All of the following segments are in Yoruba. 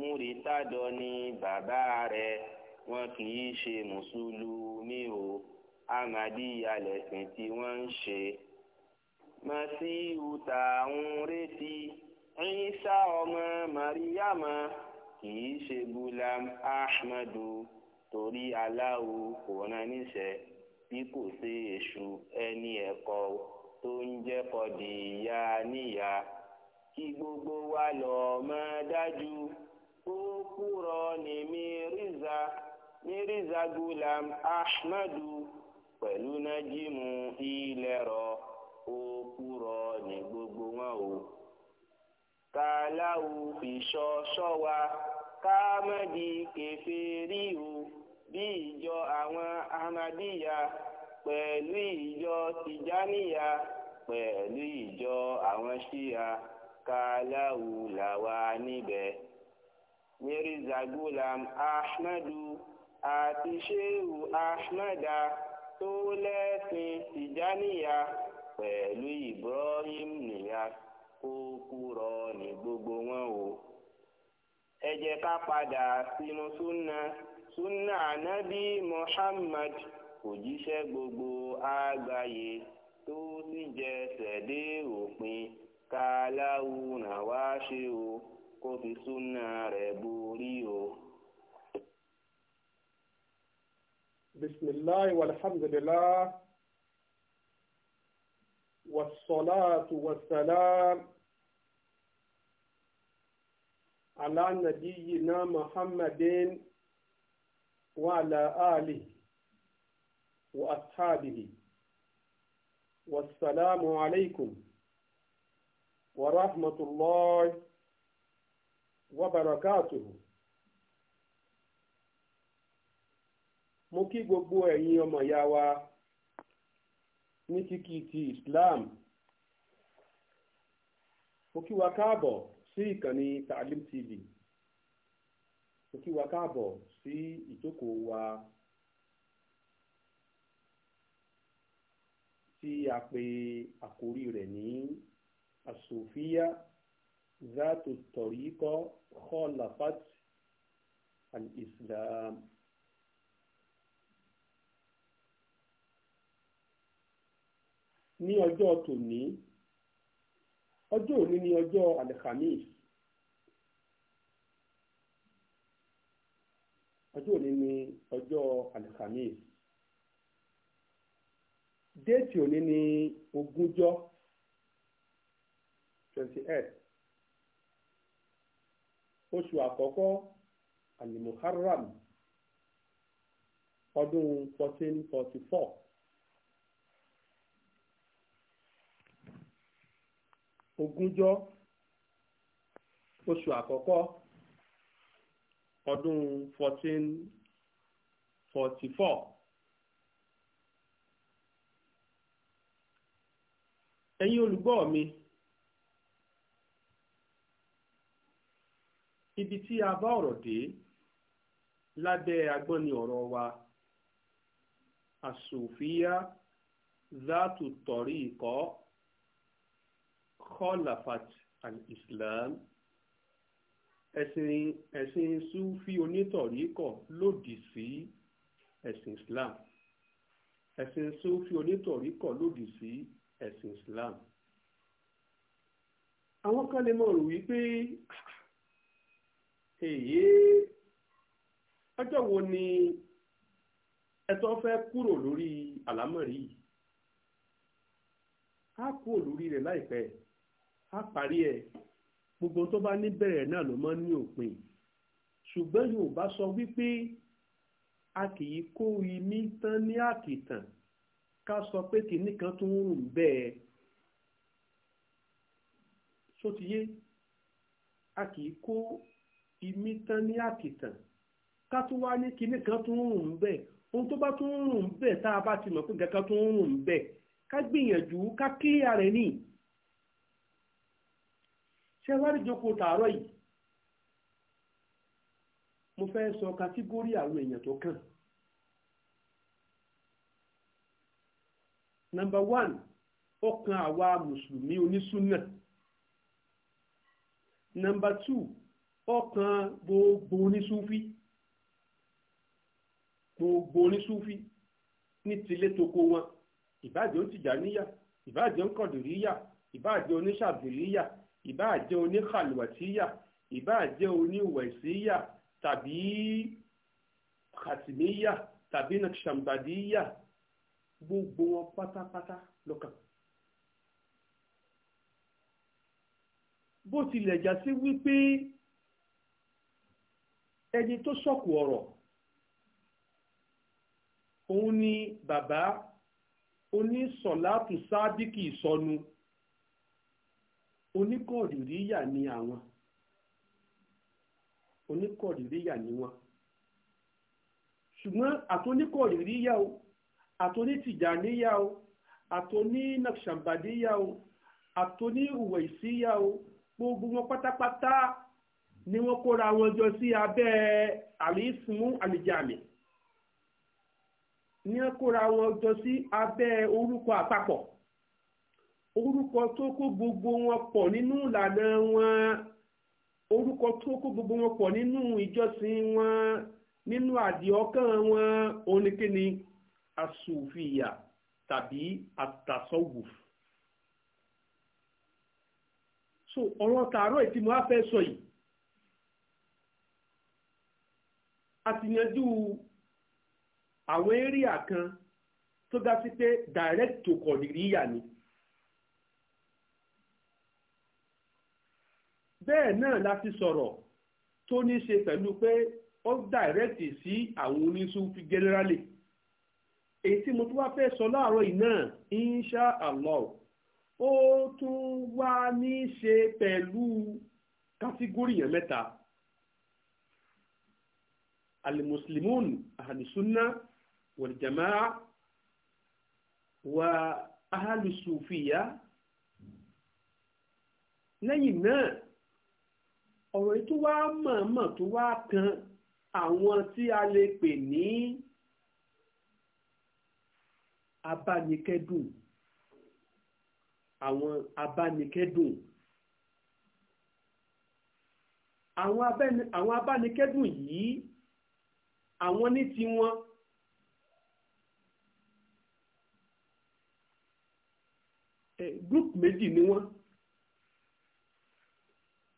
múritádọ ni bàbá rẹ̀ wọn kì í ṣe mùsùlùmí o amadíyà tí wọ́n ń ṣe. masihu tá à ń retí Ìsá ọmọ mariama kì í ṣe gulam ahmadu torí aláwo kò rán níṣẹ́ bí kò sí èṣù ẹni ẹ̀kọ́ tó ń jẹ́ kọ́dìyà níyà kí gbogbo wa lọ́ọ́ mọ̀ dájú. okpuro na miriza gulam ahmadu pẹ̀lú nájímù ilẹ̀rọ okpuro ní gbogbo wọn o kàláwù fìṣọ ṣọwa kámẹ́dì kẹfẹ́rí o bi ìjọ àwọn tijaniya pẹ̀lú ìjọ àwọn shia kàláwù lawa nibe mirza gulam ahmadu àti shehu ahmada tó lẹ́sìn tìjáníyà pẹ̀lú ibrahim niyas kó kúrọ ní gbogbo wọn o ẹ jẹ́ ká padà sínú súnà súnà ànábì muhammad òjíṣẹ́ gbogbo àgbáyé tó sì jẹsẹ̀ dé òpin ká láwùrán wá ṣe o. kó fi súnà rẹ̀ borí o. bisimilahi walhamdulilah wasalaatu wasalaam ala nabiyina muhammadin wa ala alihi wa ashabihi wasalaamu alaykum. ورحمة الله wabarakatuhu mo kí gbogbo ẹ̀yin ọmọ ìyá wa ní kíkí ti Islam mo kí wa káàbọ̀ sí ìkànnì Taalim TV mo kí wa káàbọ̀ sí ìjókòó wa tí a pè àkórí rẹ̀ ní asòfíà. As ذات الطريقة خالفت الإسلام ní ọjọ́ tòní ọjọ́ òní ní ọjọ́ alhamis ọjọ́ òní ní ọjọ́ alhamis déètì òní ní ogúnjọ́ twenty eight oṣù àkọ́kọ́ alimuharram ọdún fourteen forty four. ogúnjọ́ oṣù àkọ́kọ́ ọdún fourteen forty four. ẹ̀yin olùgbọ́ mi. ibi tí a bá ọ̀rọ̀ dé lábẹ́ agbọ́n ni ọ̀rọ̀ wa àsòfíà zátù tọ̀rí ikọ́ khalafat al-islam ẹ̀sìn ẹ̀sìn onítọ̀rí kọ̀ lòdì sí ẹ̀sìn islam ẹ̀sìn sufi onítọ̀rí kọ̀ lòdì sí ẹ̀sìn islam àwọn kan lè mọ̀ rò wípé èyí ọjọ́ wo ni ẹ̀tọ́ fẹ́ kúrò lórí àlámọ̀rí yìí á kúrò lórí rẹ̀ láìpẹ́ á parí ẹ̀ gbogbo tó bá ní bẹ̀rẹ̀ náà ló máa ń ní òpin ṣùgbọ́n Yorùbá sọ wípé a kì í kó imí tán ní àkìtàn ká sọ pé kinní kan tó ń rùn bẹ́ẹ̀ sótìyé a kì í kó ìmí tán ní àkìtàn ká tún wá ní kinní kan tún rùn bẹ́ẹ̀ ohun tó bá tún rùn bẹ́ẹ̀ tá a bá ti mọ̀ pé nǹkan kan tún rùn bẹ́ẹ̀ ká gbìyànjú ká kíyà rẹ̀ ní. ṣé wá rí jókòó tààrọ̀ yìí mo fẹ́ sọ kátígórì àwọn èèyàn tó kàn. nọmba one ọkàn àwa mùsùlùmí onísùnà nọmba two ọkàn gbogbo onísúfí gbogbo onísúfí ní tilé toko wọn ìbáàjẹ́ òtìjàníyà ìbáàjẹ́ òkàndòríyà ìbáàjẹ́ oníṣàbìlíyà ìbáàjẹ́ oníkàlùwàtíyà ìbáàjẹ́ oníwẹ̀síyà tàbí kàtìmíyà tàbí nàkṣàmbàdíyà gbogbo wọn pátápátá lọ́kàn. bó tilẹ̀ já sí wípé ẹni tó sọ̀kù ọ̀rọ̀ òun ni bàbá onísọ̀látù sádìkì ìsọnu oníkọ̀dìríyà ni àwọn oníkọ̀dìríyà ni wọn ṣùgbọ́n àtòníkọ̀dìríyà o àtònítìjàníyà o àtònínàṣàmbàdíyà o àtòníhùwẹ̀síyà o gbogbo wọn pátápátá ni wọ́n kóra wọn jọ sí abẹ́ àlìsùnmú àlìjàmì ni wọ́n kóra wọn jọ sí abẹ́ orúkọ àpapọ̀ orúkọ tó kó gbogbo wọn pọ̀ nínú ìlànà wọn orúkọ tó kó gbogbo wọn pọ̀ nínú ìjọsìn wọn nínú àdìọ́kàn wọn oníkíni asòfìyà tàbí àtàsọ́wùf. so ọ̀rọ̀ tààrọ̀ ìtì mo sọ yìí a ti yanjú àwọn éríà kan tó ga sí pé direct to kọ̀dìríyà ni. bẹ́ẹ̀ náà la ti sọ̀rọ̀ tó ní ṣe pẹ̀lú pé ó direct sí àwọn oníṣúfi generally èyí tí mo tún wá fẹ́ sọ láàárọ̀ yìí insha allah ó tún wá ní ṣe pẹ̀lú kátígórì yẹn mẹ́ta. المسلمون أهل السنة والجماعة وأهل الصوفية lẹ́yìn náà ọ̀rọ̀ tó wá mọ̀ọ́mọ̀ tó wá kan àwọn tí a lè pè ní abánikẹ́dùn àwọn abánikẹ́dùn àwọn abánikẹ́dùn yìí àwọn ní tiwọn group méjì ni wọ́n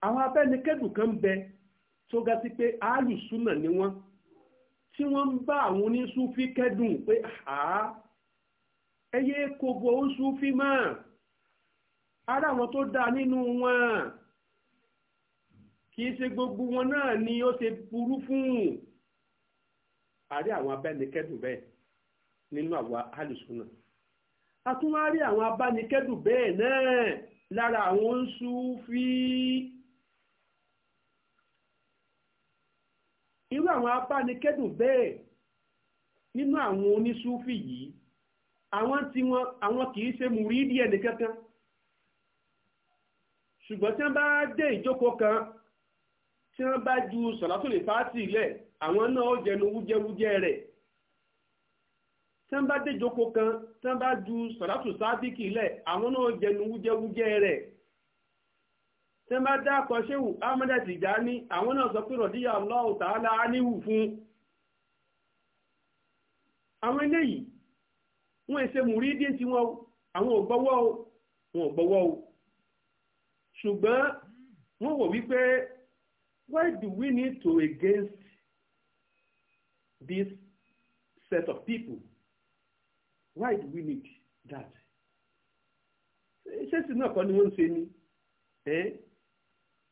àwọn abẹ́nikẹ́dùn kan bẹ tó ga sí pé alùsùnà ni wọ́n tí wọ́n ń bá àwọn oníṣúfí kẹ́dùn pé àá ẹyẹ kò bọ̀ oṣúfí máa ara àwọn tó dáa nínú wọn kì í ṣe gbogbo wọn náà ni ó ṣe burú fún un àrí àwọn abánikẹ́dùn bẹ́ẹ̀ nínú àwa alùsùnà a tún wá rí àwọn abánikẹ́dùn bẹ́ẹ̀ náà lára àwọn Súfí irú àwọn abánikẹ́dùn bẹ́ẹ̀ nínú àwọn onísúfì yìí àwọn tí wọn àwọn kìí ṣe mùrídì ẹnìkankan ṣùgbọ́n tí wọ́n bá dé ìjókòó kan tí wọ́n bá ju sọ̀látòlè fáàtì lẹ̀ àwọn náà jẹnu wújẹwújẹ rẹ̀ tán bá dé kan tán bá ju sọ̀rọ̀tù sábìkì lẹ̀ àwọn náà jẹnu wújẹwújẹ rẹ̀ tán bá dá akọ ṣéwù Ahmad Tijani àwọn náà sọ pé rọ̀díyà Allahu ta'ala fún àwọn eléyìí wọ́n ṣe mùrídí tí wọ́n àwọn ò gbọ́wọ́ o wọn ò gbọ́wọ́ o ṣùgbọ́n wọ́n wò wípé why do we need to against this set of people. Why do we need that? Ṣé sinú ọ̀kan ni wọ́n ń ṣe ni? Eh?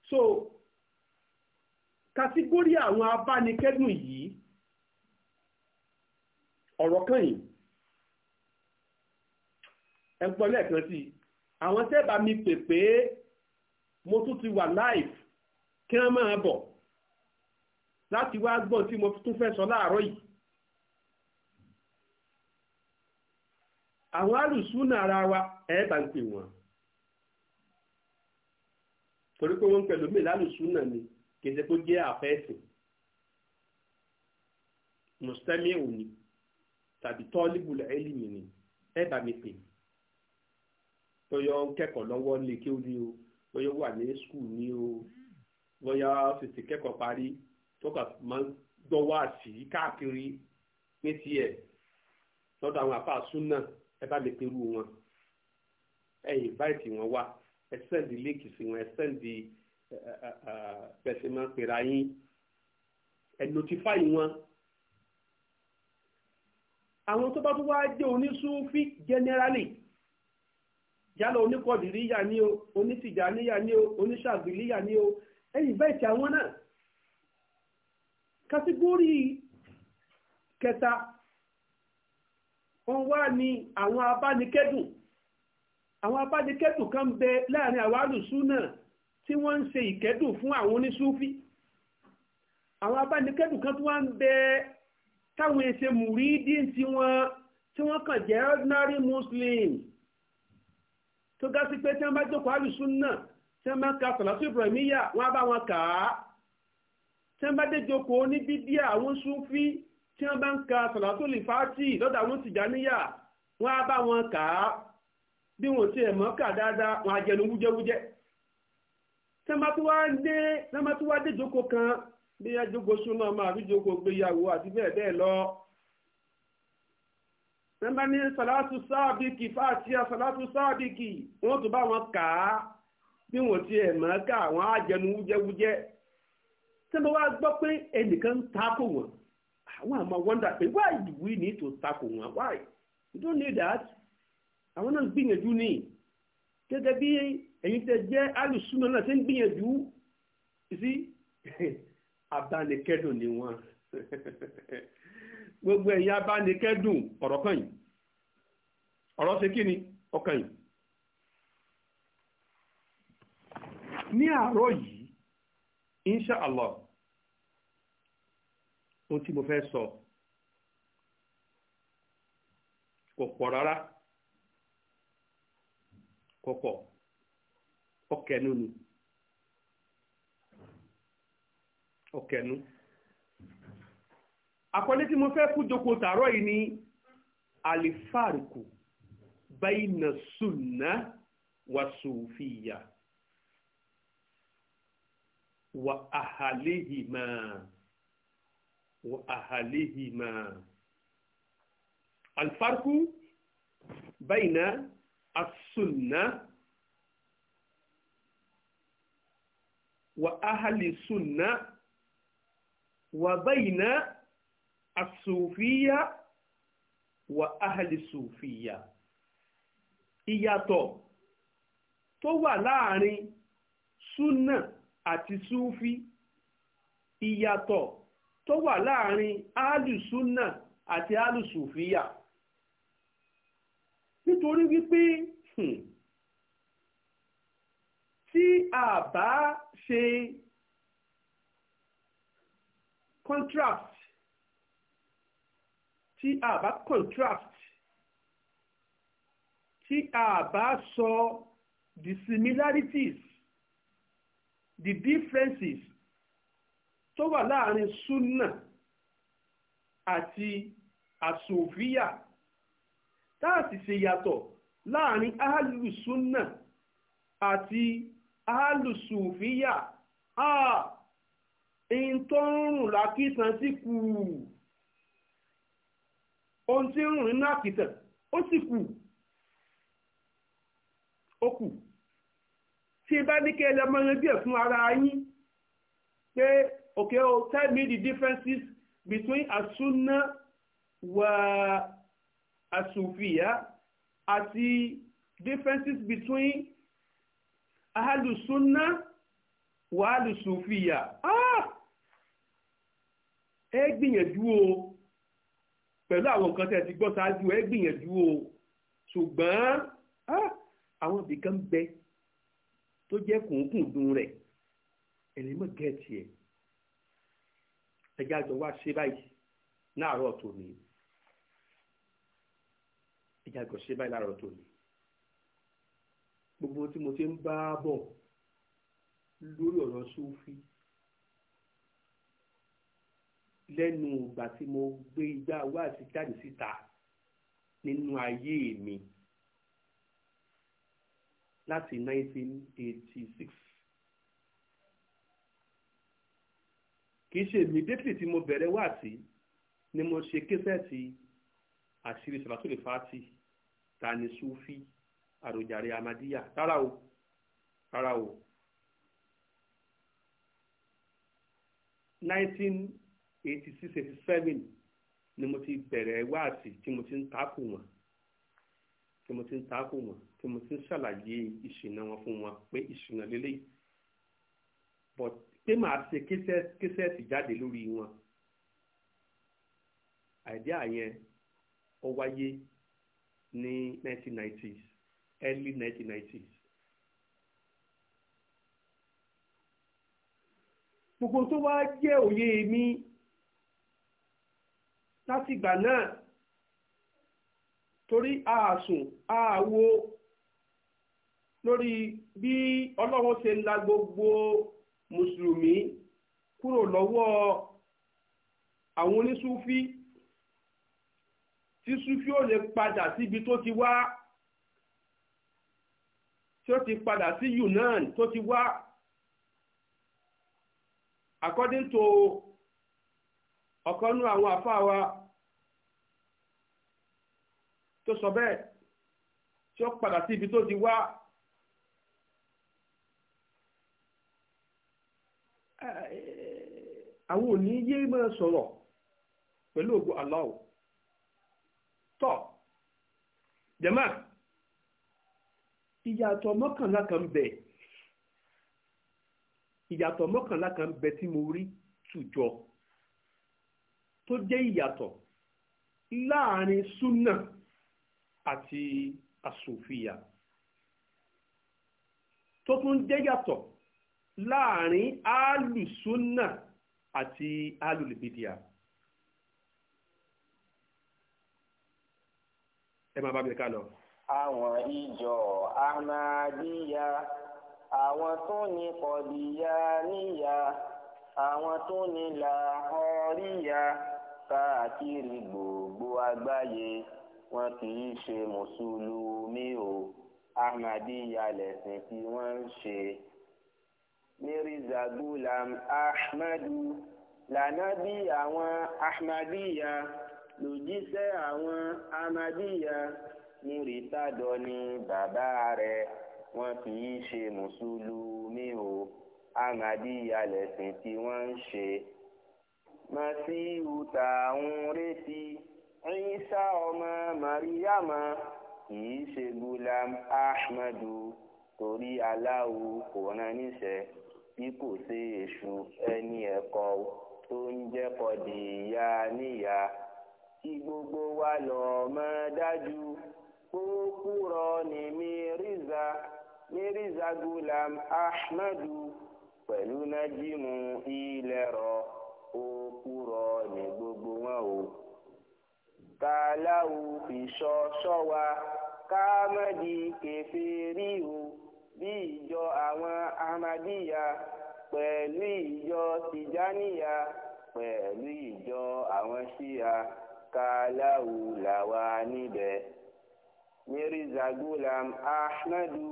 So, kàtígórí àwọn abánikẹ́dùn yìí, ọ̀rọ̀ kan yìí, ẹ gbọ́ lẹ́ẹ̀kan sí i, àwọn tẹ́bà mi pè pé mo tún ti wà live kí wọ́n máa bọ̀ láti wá gbọ́n tí mo tún fẹ́ sọ láàárọ̀ yìí àwọn alùsùnà ara wa ẹ bá ń pè wọ́n torí pé wọ́n ń pẹ̀lú mi lálùsùnà ni kì í ṣe kó jẹ́ àfẹ́sìn mùsùlùmí òní tàbí tọ́líbùlù ẹlìmì ni ẹ mi pè bóyá ń kẹ́kọ̀ọ́ lọ́wọ́ ní kí ó ní o bóyá wà ní skul ní o bóyá tètè kẹ́kọ̀ọ́ parí tó kà máa ń dọ́wọ́ àṣì káàkiri pé tiẹ̀ lọ́dọ̀ àwọn àfa súnà ẹ bá mi perú wọn ẹ ìnváìtì wọn wá ẹ sẹ́ndì líǹkì sí wọn ẹ sẹ́ndì bẹ̀sẹ̀ máa ń pera yín ẹ notifáì wọn. àwọn tó bá tún wá jẹ́ onísúfí generally yálà oníkọ̀dìríyà ni o onítìjàníyà ni o oníṣàbílíyà ni o ẹ ìnváìtì àwọn náà kàtígórì kẹta wọ́n wá ní àwọn abánikẹ́dùn àwọn abánikẹ́dùn kan bẹ láàrin àwọn alùsù náà tí wọ́n ń ṣe ìkẹ́dùn fún àwọn onísúfí àwọn abánikẹ́dùn kan tí wọ́n ń bẹ táwọn ẹsẹ̀ mùrídì tí wọ́n tí wọ́n kàn jẹ́ ordinary muslim tó ga sí pé tí wọ́n bá jókòó alùsù náà tí wọ́n bá ka sọ̀lá sí Ibrahimiyya wọ́n á bá wọn kà tí wọ́n bá dé jókòó ní bídíà àwọn súnfí tí wọ́n bá ń ka sọ̀làtòlì fáàtì lọ́dọ̀ àwọn tìjàníyà wọ́n á bá wọn kà á bí wọ́n ti ẹ̀mọ́ kà dáadáa wọ́n á jẹnu wújẹ́wújẹ́ tí wọ́n bá tún wá dé jókòó kan bí wọ́n jókòó súná ọmọ àbí jókòó gbéyàwó àti bẹ́ẹ̀ bẹ́ẹ̀ lọ tẹ́mbà ní sàlátù sáàbìkì fàtíà sàlátù sáàbìkì wọ́n tó bá wọn kà á bí wọ́n ti ẹ̀ mọ́ ká àwọn ajẹnu wújẹ́wújẹ́ tí mo wá gbọ́ pé ẹnìkan ń takò wọn àwọn àmọ́ wọ́ndà pé why do we need to takò wọn why you don't need that àwọn náà gbìyànjú ní gẹ́gẹ́ bí ẹ̀yin tẹ jẹ́ alùsùnà náà ṣe ń gbìyànjú sí abánikẹ́dùn ni wọ́n gbogbo ẹ̀yin abánikẹ́dùn ọ̀rọ̀ kan yìí ọ̀rọ̀ ṣe kí ni ọkàn yìí ní àárọ̀ yìí insha allah ohun tí mo fẹ́ sọ kò pọ̀ rárá kò pọ̀ ọkẹ̀nu ni ọkẹ̀nu àkọlé tí mo fẹ́ kú joko tààrọ̀ yìí ni alifariku bayna sunna wa sufiya. وأهليهما وأهليهما الفرق بين السنة وأهل السنة وبين الصوفية وأهل الصوفية إياتو tó wà láàrin àti súfí ìyàtọ̀ tó wà láàrin alùsúnà àti alùsùfíyà nítorí wípé hmm, tí a bá ṣe contrast tí a bá contrast tí a bá sọ the similarities the differences tó wà láàrin sunna àti àsòfíà tá a sì ṣe yàtọ̀ láàrin ahàlùsúnà àti ahàlùsòfíà a ń tó ń rùn lákìtàn sí kù ohun tí ń rùn nínú àkìtàn ó sì kù ó kù tí bá ní kí ẹ lè mọ yanjú ẹ̀ fún ara yín pé okay o oh, tell me the differences between asunna wa asufiya àti differences between ahalusunna wa alusufiya ah ẹ gbìyànjú o pẹ̀lú àwọn nǹkan tẹ́ ti gbọ́ ṣáájú ẹ gbìyànjú o ṣùgbọ́n ah, àwọn ibìkan bẹ́ẹ̀ tó jẹ́ kùnkùndùn rẹ̀ ẹ̀yin mọ̀ gẹ̀ẹ́tì ẹ̀ ẹ̀já jọ wá ṣe báyìí láàárọ̀ tòní ẹ̀já jọ ṣe báyìí láàárọ̀ tòní gbogbo tí mo ti ń bá bọ̀ lórí ọ̀rọ̀ sófì lẹ́nu ìgbà tí mo gbé igbá wá sí jáde síta nínú ayé mi láti 1986. kì í ṣe immediately tí mo bẹ̀rẹ̀ wá sí ni mo ṣe késẹ́ẹ̀tì àṣírí sàbàtúrì fàátì tani sufi àròjàre amadiya rárá o rárá o 1986-87 ni mo ti bẹ̀rẹ̀ wá sí tí mo ti ń takò wọn tí mo ti ń takò wọn tí mo ti ń ṣàlàyé ìṣìnà wọn fún wọn pé ìṣìnà lélẹ́yìí but pé màá ṣe késẹ́ẹ̀tì jáde lórí wọn àìdíà yẹn ó wáyé ní 1990s early 1990s. gbogbo tó wá jẹ́ òye mi látìgbà náà torí àásùn àwo lórí bí ọlọ́run ṣe ń la gbogbo mùsùlùmí kúrò lọ́wọ́ àwọn onísúfí tí súfí ò lè padà síbi tó ti wá tí ó ti padà sí Yunan tó ti wá according to ọ̀kanú àwọn àfáà wa tó sọ bẹ́ẹ̀ tí ó padà sí ibi tó ti wá àwọn òní yé máa sọ̀rọ̀ pẹ̀lú ògùn Allah tọ́ jẹ́mà ìyàtọ̀ mọ́kànlá kan bẹ̀ ìyàtọ̀ mọ́kànlá kan bẹ̀ tí mo rí tùjọ tó jẹ́ ìyàtọ̀ láàrin súnà. àti àsòfìyà tó tún jẹ́ yàtọ̀ láàrin alùsùnà àti alùlùbídìà ẹ máa bá mi ká lọ. àwọn ìjọ ahmadiyya àwọn tó ní kọdíyà níyà àwọn tó ní làhọríyà káàkiri gbogbo àgbáyé wọn kì í ṣe mùsùlùmí o ahmadiyya lẹ̀sìn tí wọ́n ń ṣe. mirza gulam ahmadu lànábì àwọn ahmadiyya lòjíṣẹ́ àwọn ahmadiyya múritádọ ni bàbá rẹ̀ wọn kì í ṣe mùsùlùmí o ahmadiyya lẹ̀sìn tí wọ́n ń ṣe. masihu tá ń retí. Ìsá ọmọ Màríyàmá kìí ṣe Gulam Ahmadu torí aláwo kò rán níṣẹ́ bí kò ṣe èṣù ẹni ẹ̀kọ́ tó ń jẹ́kọ̀ di ìyá níyà kí gbogbo wa lọ mọ̀ dájú kó kúrò ní Mírízà Mírízà Gulam Ahmadu pẹ̀lú nájímù ilẹ̀ rọ ó kúrò ní gbogbo wọn o kàláwù ìṣọ́ ṣọ́wa káàmọ́dì kẹfẹ́rí o bí ìjọ àwọn ahmadíyà pẹ̀lú ìjọ tìjáníyà pẹ̀lú ìjọ àwọn ṣíya kàláwù làwa níbẹ̀. mirza gulam ahmadu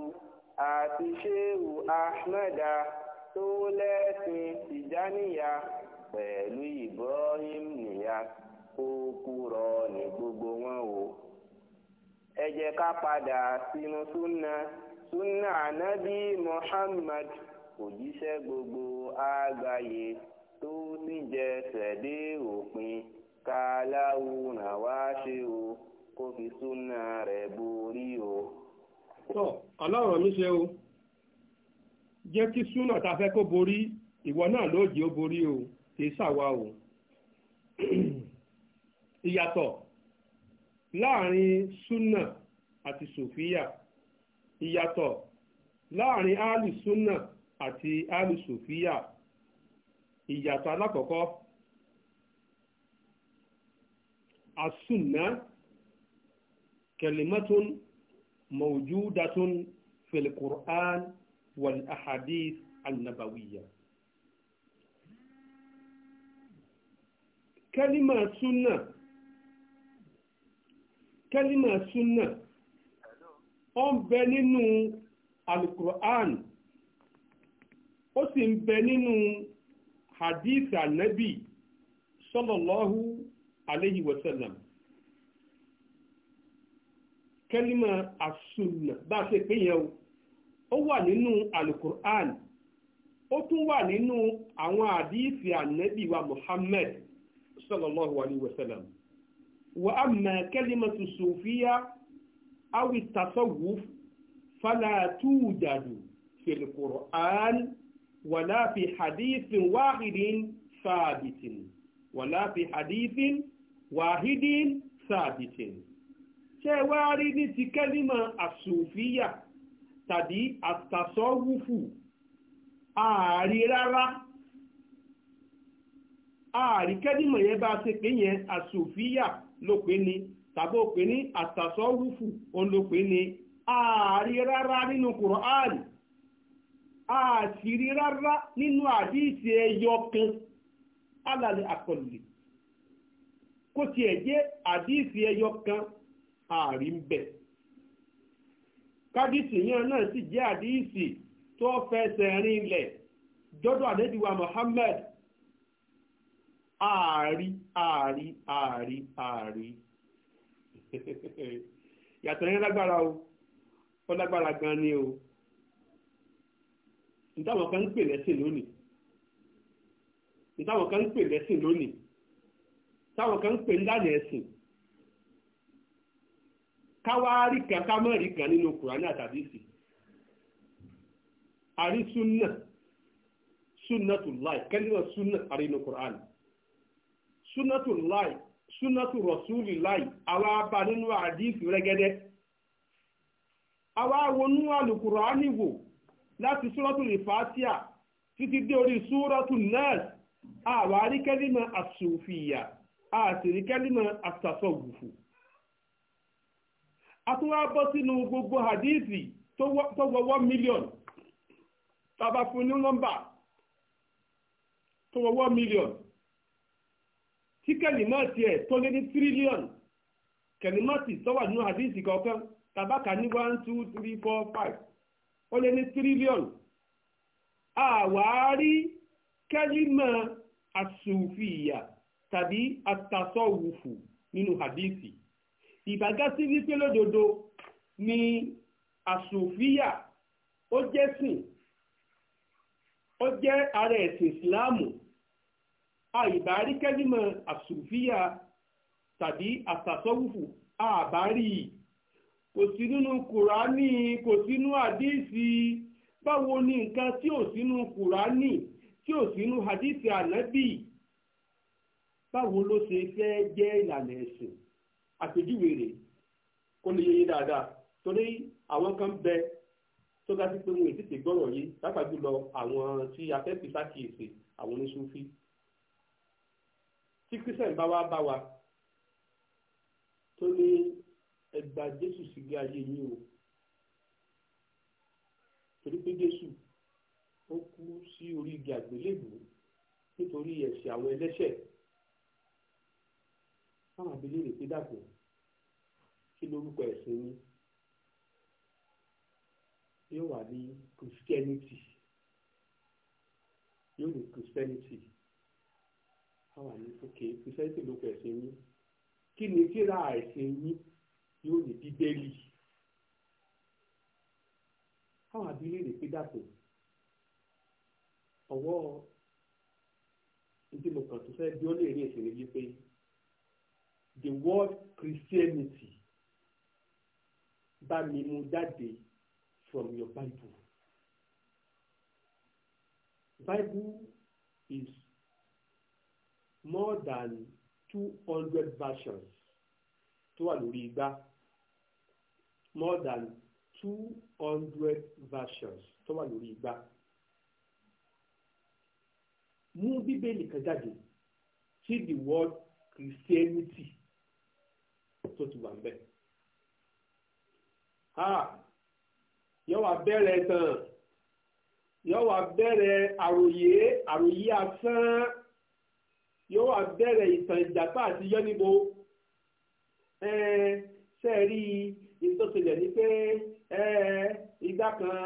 àti sheu ahmada tó lẹ́sìn tìjáníyà pẹ̀lú ibrahim nìyà. rọ ní gbogbo wọn o ẹ jẹ́ ká padà sínú súnà súnà ànábì Muhammad òjíṣẹ́ gbogbo àgbáyé tó sì jẹsẹ̀ dé òpin ká láwùrán wá ṣe o kó fi súnà rẹ̀ borí o. tọ́ ọlọ́run mi ṣe o jẹ́ kí súnà ta fẹ́ kó borí ìwọ náà ló ó borí o kì í ṣàwa o. ìyàtọ̀ láàrin súnà àti sòfíà ìyàtọ̀ láàrin áàlù súnà àti áàlù sòfíà ìyàtọ̀ alákọ̀ọ́kọ́ àsùnà kẹlìmọ́tún mọ̀júdàtún fìlìkùrán wal ahadith annabawiyya kẹlìmọ̀ súnà kẹ́límà súnà ó ń bẹ nínú alukur'an ó sì ń bẹ nínú hadith anabi sallallahu alayhi wa sallam kẹ́límà asúnà bá a ṣe pé yẹn o ó wà nínú alukur'an ó tún wà nínú àwọn hadith anabi wa muhammed sallallahu alayhi wa وأما كلمة الصوفية أو التصوف فلا توجد في القرآن ولا في حديث واحد ثابت ولا في حديث واحد ثابت ṣé wàá rí ní ti kẹ́límà àsòfíà tàbí àtàsọ́wùfù ààrí rárá ààrí kẹ́límà yẹn bá ṣe pé yẹn àsòfíà ló pè ní tàbí ó pè ní àtàsọ́wùfù òun ló pè ní ààrí rárá nínú kùránì àṣírí rárá nínú àdíìsì ẹyọ kan alàlẹ́ àkọlù kó tiẹ̀ jẹ́ àdíìsì ẹyọ kan ààrí ń bẹ̀ kádìsì yẹn náà sì jẹ́ tó fẹsẹ̀ rinlẹ̀ ààrí ààrí ààrí ààrí yàtọ̀ yẹn lágbára o ó lágbára gan ni o nítawọ̀n kan ń pè lẹ́sìn lónìí nítawọ̀n kan ń pè lẹ́sìn lónìí táwọn kan ń pè ńlànà ẹ̀sìn káwárí kan kámọ́rí kan nínú kùránì àtàbí ìsìn àrí súnà súnà tó láì kẹ́lí náà súnà àrí kùránì. súnátù láì súnátù rọ̀súlì láì àwa bá nínú àdíìsì rẹ́gẹ́dẹ́ àwa wọnú àlùkùránì wò láti súrọ́tù rìfátíà títí dé orí súrọ́tù nẹ́ẹ̀sì àwa rí kẹ́límọ̀ àsùfìyà àti a tún wá bọ́ gbogbo àdíìsì tó gbogbo mílíọ̀nù tàbá fún ní nọ́mbà tó wọ́wọ́ tí kẹlímọ́ọ̀tì ẹ̀ tó lé ní tírílíọ̀nù kẹlímọ́ọ̀tì tó wà nínú àdíìsì kọ̀ọ̀kan tàbákà ní one two three four five ó lé ní tírílíọ̀nù àwárí kẹlímọ̀ àsùnfìyà tàbí àtàsọ̀wùfù nínú àdíìsì ìbágásí wípé lódodo ni àsùnfìyà ó jẹ́sìn ó jẹ́ ara ẹ̀sìn ìsìláàmù àìbárí kẹ́límọ̀ àsùfíà tàbí àtàsọ́wùfù àbárí kò sí nínú kùránì kò sínú àdíìsì báwo ni nǹkan tí ò sínú kùránì tí ò sínú àdíìsì ànábì báwo ló ṣe fẹ́ jẹ́ ìlànà ẹ̀sìn àpèjúwe rẹ̀ kó lè yẹ dáadáa torí àwọn kan bẹ tó dá sí pé wọn ò tètè gbọ́rọ̀ yìí lápá jùlọ àwọn tí afẹ́fẹ́ sákìyèsí àwọn oníṣòfin tí kristian bá wá bá wa tó ní ẹgbà jésù sí ilé ayé yín o torí pé jésù ó kú sí orí igi àgbélébùú nítorí ẹ̀ṣẹ̀ àwọn ẹlẹ́ṣẹ̀ fáwọn abilérè pé dàpọ̀ kí lórúkọ ẹ̀sìn yín yóò wà ní christianity yóò ní christianity àwọn àmì òkè kìrìsìtẹ́nìtì ló kọ ẹ̀sìn yín kí ni tíra ẹ̀sìn yín yóò ní bíbélì àwọn abílẹ̀ lè pé dàpọ̀ ọwọ́ ìdí mo kàn tó fẹ́ bí ó lè rí ẹ̀sìn ní wípé the word Christianity bá mi mú jáde from your Bible. Bible is more than two hundred versions tó wà lórí igbá more than two hundred versions tó wà lórí igbá mú bíbélì kan jáde tí the word Christianity tó ti wà ń bẹ ah, yóò wá bẹ̀rẹ̀ tán yóò wá bẹ̀rẹ̀ àròyé àròyé asán yóò wá bẹ̀rẹ̀ ìtàn ìjàpá àti yọ́nìbo ṣe é rí ìtọ́sílẹ̀ ní pé ìgbà kan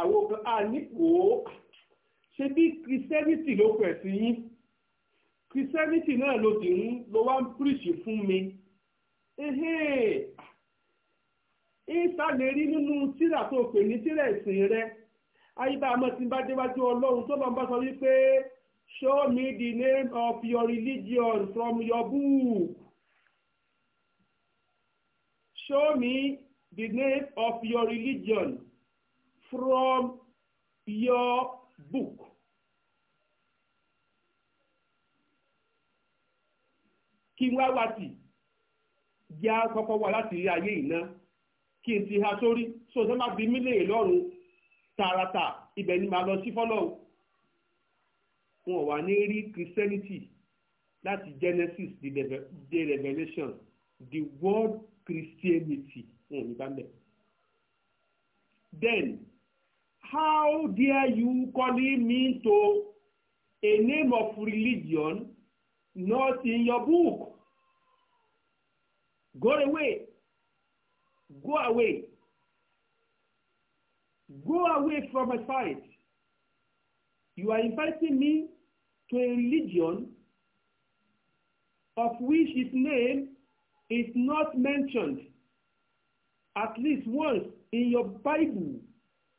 àwo kan á nípò ṣe bí kìrìsẹ́nìtì ló pẹ̀ sí yín kìrìsẹ́nìtì náà ló ti ń lọ wá ń píríṣì fún mi ìsàlẹ̀ rí nínú tírà tó pè ní tírà ìsìn rẹ ayíbá amọ̀ tí ń bá déwájú ọlọ́run tó bá ń bá sọ wípé Show me the name of your religion from your book. Show me the name of your religion from your book. Kí n wá wá sí, yá kọ́kọ́ wá láti rí ayé ìná, kí n ti ha sórí, sọ́sẹ́ má bí mílíọ̀nù lọ́rùn tààràtà ibẹ̀ ni màá lọ sí fọ́lọ́hùn wọn ò ní rí christianity láti genesis the revelation the word christianity wọn ò ní then how dare you calling me to a name of religion not in your book go away go away go away from my sight you are inviting me to a religion of which its name is not mentioned at least once in your Bible,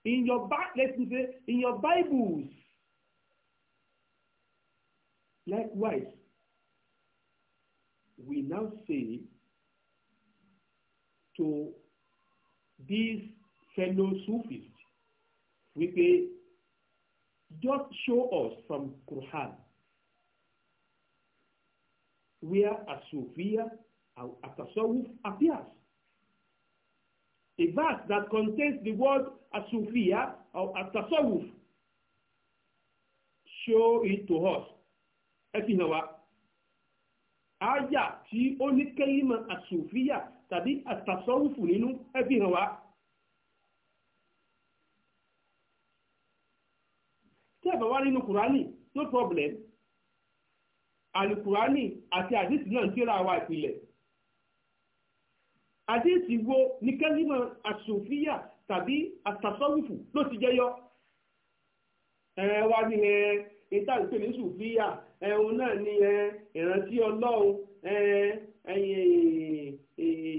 in your let me say, in your Bibles. Likewise, we now say to these fellow Sufis, we say, just show us from Quran where asufia or atasawuf appears. A verse that contains the word asufia or atasawuf show it to us. Ẹ fi hàn wá. Áyà tí ó ní kẹ́límà àsùfíà tàbí àtàsọ́wùfù nínú ẹ fi hàn wá nínú Kùránì, no problem alukurani àti àdìsí náà ń tíra wa ìpìlẹ̀ àdìsí wo ní kẹ́límọ̀ àsòfíà tàbí àtàsọ́wùfù ló ti jẹyọ ẹ̀rẹ̀ wa ni ẹ̀ ìta ìpè ní sòfíà ẹ̀hún náà ni ẹ̀ ìrántí ọlọ́run ẹ̀yìn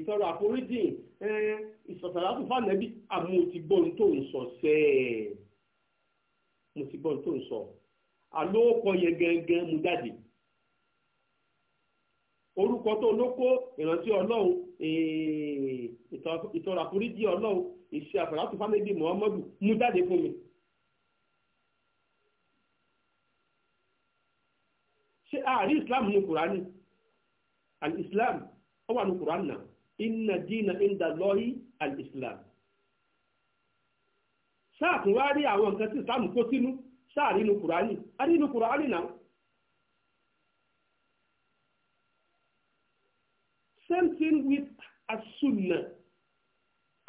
ìtọrọ àforíjìn ìsọ̀tàlátù fànẹ́bí àmú ti gbọ́ ohun tó ń sọ sẹ́ẹ̀ mo ti gbọ́ ohun tó ń sọ àlóòkọ yẹn gẹ́gẹ́ mú jáde orúkọ tó lóko ìrántí ọlọ́run eh, ìtọrọ àforíjì ọlọ́run ìṣe àfàlátù fámẹ́bí muhammadu mú jáde fún mi. ṣé ààrí islam ní kùránì al-islam ó wà ní kùránì náà inna dina inda lọ́hí al-islam. sáà tún wá rí àwọn nǹkan tí islam kó sínú sáà rí ní kùránì a rí ní kùránì náà. same thing with as-sunnah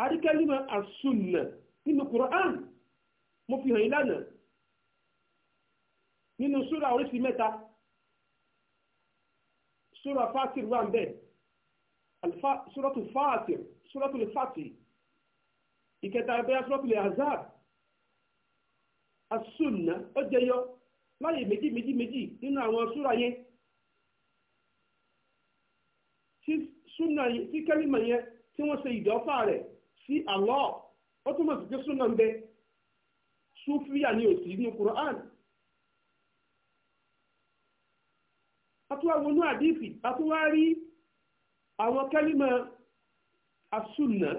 àríkẹ́límọ̀ as-sunnah nínú Quran mo fi hàn yín lánàá nínú súra oríṣi mẹ́ta súra Fatir wà ń bẹ́ẹ̀ tu Fatir tu le Fatir ìkẹta ẹgbẹ́ súratu lè Ahzab as-sunnah ó jẹyọ láyè méjì méjì méjì nínú àwọn súra yẹn. súnà tí kẹ́límà yẹn tí wọ́n ṣe ìdọ́fà rẹ̀ sí Allah ó túmọ̀ sí pé súnà ń bẹ súfíà ni ò sí ní Quran. atúwàwọnú àdìsí atúwárí àwọn kẹ́límà asúnà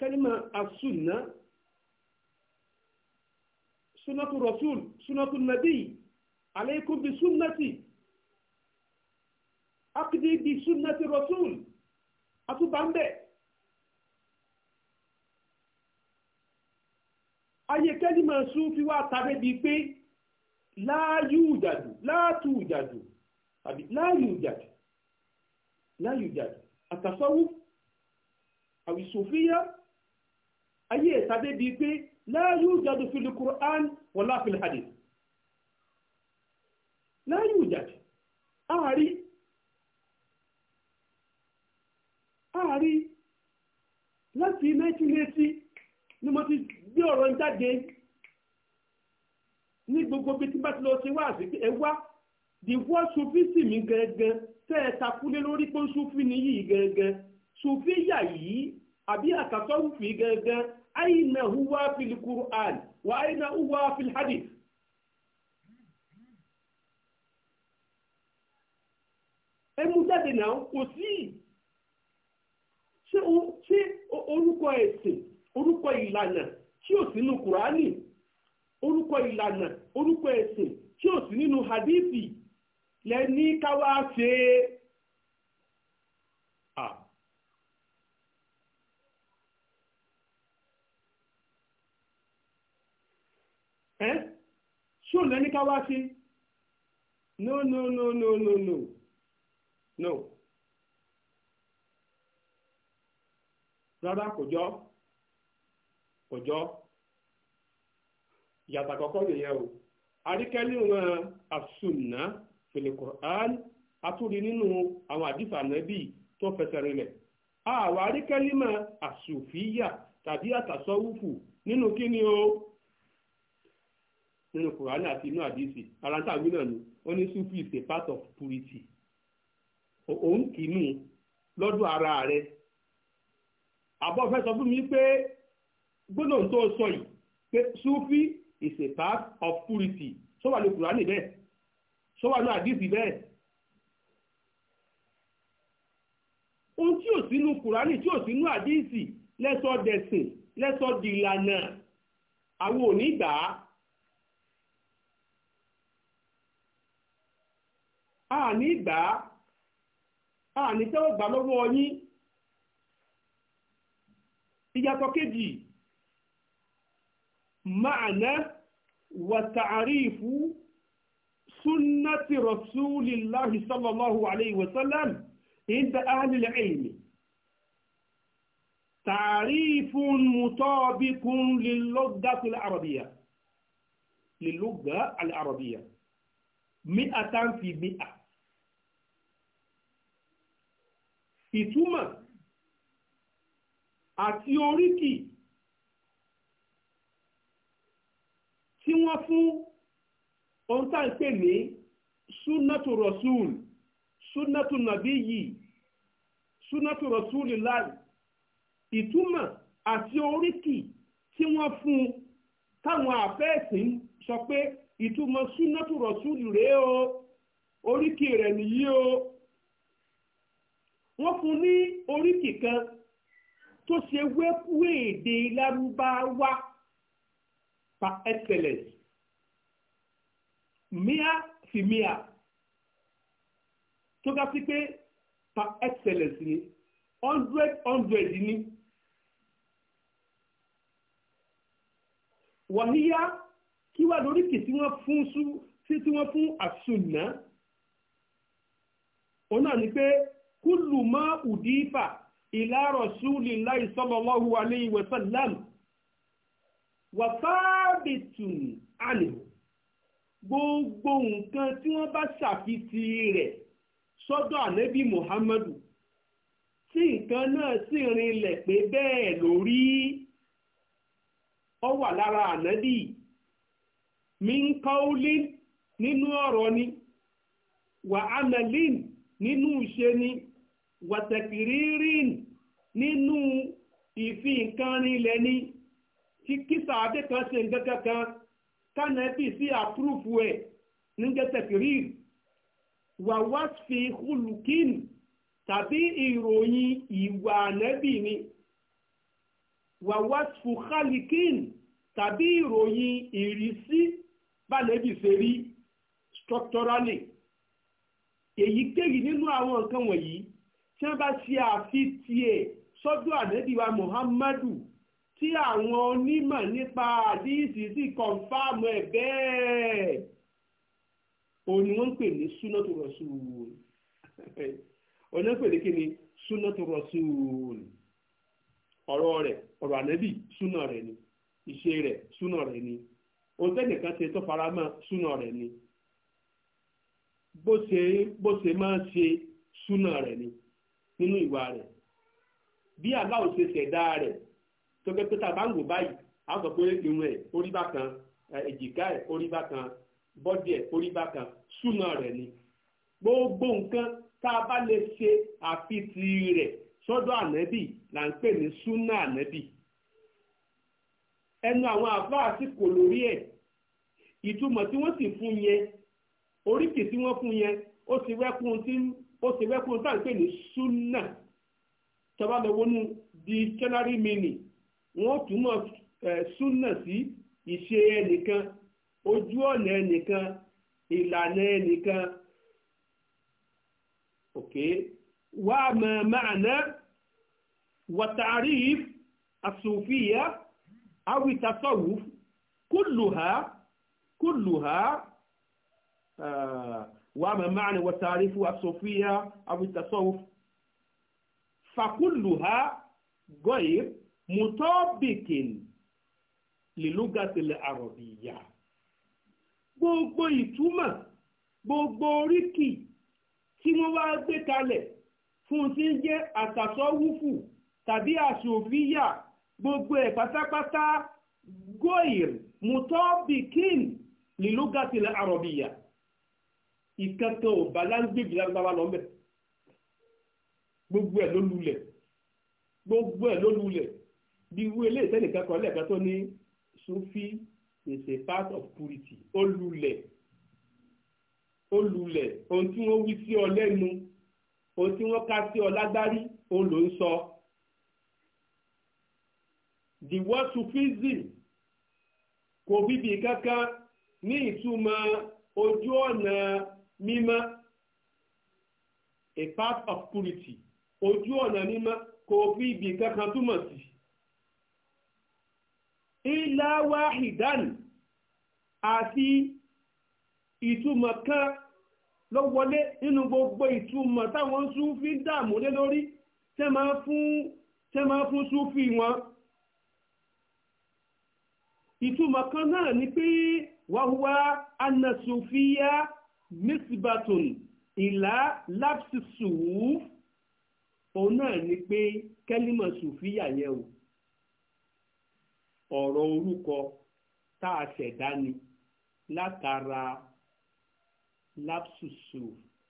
kẹ́límà asúnà súnàtú rasul súnàtú nàbí alaykum bi súnàtì akidi bi sunnati rasul àtúbà ń bẹ̀. ayé kẹ́límọ̀ sún fi wá tàbí bíi pé láàyù ìjàdù láàtù ìjàdù tàbí láàyù ìjàdù láàyù ìjàdù àtàsọ́wọ́ àwìsòfíyà ayé tàbí bíi pé láàyù ìjàdù fil Qur'an wala fil hadith láàyù ìjàdù àárín. àárí láti 1980 ni mo ti gbé ọ̀rọ̀ jáde ní gbogbo bí tí bá ti lọ ṣe wá àfikún ẹ wá the word sufi sì mí gẹ́gẹ́ tẹ́ ẹ takúlé lórí pé sufi ni yìí gẹ́gẹ́ sufi yà yìí àbí àtàtọ́rùfì gẹ́gẹ́ aina huwa fil Qur'an wa aina huwa fil hadith. jáde náà kò sí ṣé orúkọ ẹ̀sìn orúkọ ìlànà tí ò sínú kùránì orúkọ ìlànà orúkọ ẹ̀sìn tí ò sí nínú hadithi lẹ́ni káwá ṣe à. ẹ́ ṣó lẹ́ni káwá ṣe no no no no no no. no. rárá kò jọ kò jọ ìyàtọ̀ àkọ́kọ́ nìyẹn o àríkẹ́lì wọn àsùnà eh, fil Qur'an atúri nínú àwọn àdìsá nẹ́bí tó fẹsẹ̀ rinlẹ̀ àwọn àríkẹ́lì mọ́ àsùfíyà tàbí àtàsọ́wùfù nínú kíni o nínú Qur'an àti inú àdìsí aláǹtàwí náà ni ó ní sufi is a part of purity òun kìínú lọ́dọ̀ ara rẹ̀ àbọ̀ fẹ́ sọ fún mi pé gbólóhùn tó sọ yìí pé sufi is a path of purity sọ́wà ní kùránì bẹ́ẹ̀ sọ́wà ní àdìsí bẹ́ẹ̀ ohun tí ò sínú kùránì tí ò sínú àdìsí lẹ́sọ̀ dẹ̀sìn lẹ́sọ̀ dìlànà àwọn òní gbà á àní gbà á àní tẹ́wọ́ gbà lọ́wọ́ yín. ìyàtọ̀ kejì ma'ana wa ta'arifu sunnati rasulillahi sallallahu alayhi wa sallam inda ahli al-ilmi تعريف مطابق للغة العربية للغة العربية مئة في مئة ìtumọ̀ àti oríkì tí wọ́n fún ohun tá à ń pè ní súnátù rọ̀súùl súnátù nàbí yìí súnátù rọ̀súùl láì ìtumọ̀ àti oríkì tí wọ́n fún táwọn àfẹ́ẹ̀sìn sọ pé ìtumọ̀ súnátù rọ̀súùl rèé o oríkì rẹ̀ nìyí o wọ́n fún ní oríkì kan tó ṣe wẹ́kúwé èdè lárúbáwá par excellence mia fi mia tó ga sí pé par excellence ni hundred hundred ni wàhíyá kí wà lórí kì tí wọ́n fún sú sí tí wọ́n fún àsùnà òun náà ni pé kúlù mọ́ ùdífà ila rasulillahi sallallahu alayhi wa sallam wa thabitun anhu gbogbo nǹkan tí wọ́n bá ṣàfitì rẹ̀ sọ́dọ̀ ànábì muhammadu tí nǹkan náà sì rinlẹ̀ pé bẹ́ẹ̀ lórí ó wà lára ànábì min nínú ọ̀rọ̀ ni wà amalin nínú ìṣe ni wà nínú ìfi nǹkan rinlẹ̀ ni kí sàábé kan ṣe nǹkan kankan kánẹ́bì sí àpúrúfù ẹ̀ nígbẹ́sẹ̀kìrì wàwá fi hulukin tàbí ìròyìn ìwà ànẹ́bì ni wàwá fùkálíkìn tàbí ìròyìn ìrísí bánẹ́bì ṣe rí structurally èyíkéyìí nínú àwọn nǹkan wọ̀nyí tí wọ́n bá ṣe àfi tiẹ̀ sọ́dọ̀ àdébíwá muhammadu tí àwọn onímọ̀ nípa àdíìsì sì kọ̀ǹfàmù ẹ̀ bẹ́ẹ̀ òun ni wọ́n ń pè ní súnátù rọ̀ṣùl òun ni wọ́n ń pè ní kí ni súnátù rọ̀ṣùl ọ̀rọ̀ rẹ̀ ọ̀rọ̀ ànábì súnà rẹ̀ ni ìṣe rẹ̀ súnà rẹ̀ ni ohun tẹ́nìkan ṣe tó fara mọ́ súnà rẹ̀ ni bó ṣe bó ṣe máa ń ṣe súnà rẹ̀ ni nínú ìwà rẹ̀ bí aláwọ̀ ṣe ṣẹ̀dá rẹ̀ tó pé pété àbáǹgò báyìí á sọ pé irun ẹ̀ orí bákan èjìká ẹ̀ orí bákan bọ́dì ẹ̀ orí bákan súnà rẹ̀ ni gbogbo nǹkan tá a bá lè ṣe àfitì rẹ̀ sọ́dọ̀ ànẹ́bì là ń pè ní súnà ànẹ́bì ẹnu àwọn àfáà sì kò lórí ẹ̀ ìtumọ̀ tí wọ́n sì fún yẹn oríkì tí wọ́n fún yẹn ó sì wẹ́kùn tí ó sì wẹ́kùn tá à ń pè ní súnà tọ́ba lọ wọnú dictionary mini wọ́n túmọ̀ sunna sí ìṣe ẹnìkan ojú ọ̀nà ẹnìkan ìlànà ẹnìkan okay wà mà màánà wàtàríf àsòfíà àwìtàsọ̀wùf kúlùhà kúlùhà wà mà màánà wàtàríf àsòfíà tasawuf fakulluha goyir mutabikin lilugatilẹ̀ àrọ̀bìyà gbogbo ìtumọ̀ gbogbo oríkì tí wọ́n wá gbé kalẹ̀ fún tí ń jẹ́ àtàsọ́wúfù tàbí àṣòfíyà gbogbo ẹ̀ pátápátá goyir mutabikin lilugatilẹ̀ àrọ̀bìyà ìkankan ò bá láńgbèjì lágbàwá lọ́mọ́bẹ̀ẹ́ gbogbo ẹ̀ ló lulẹ̀ gbogbo ẹ̀ ló lulẹ̀ bí irú eléyìí tẹ́nìkan kan lẹ́ẹ̀kan tó ní sufi is a part of purity ó lulẹ̀ ó lulẹ̀ ohun tí wọ́n wí sí ọ lẹ́nu ohun tí wọ́n ká sí ọ lágbárí ó ló ń sọ. the word sufism kò bíbi kankan ní ìtumọ̀ ojú ọ̀nà mímọ́ a part of purity ojú ọ̀nà mímọ́ kò fi ibì kankan túmọ̀ sí. ilá wáhìdán àti ìtumọ̀ kan ló wọlé nínú gbogbo ìtumọ̀ táwọn súnfí dààmú lé lórí tẹ́ máa fún tẹ́ máa fún súnfí wọn. ìtumọ̀ kan náà ni pé wàhùwà anasufiya misbatun ìlà lapsi òun náà ni pé kẹ́límọ̀ sùfíyà yẹn o ọ̀rọ̀ orúkọ tá a ni látara lápsùsù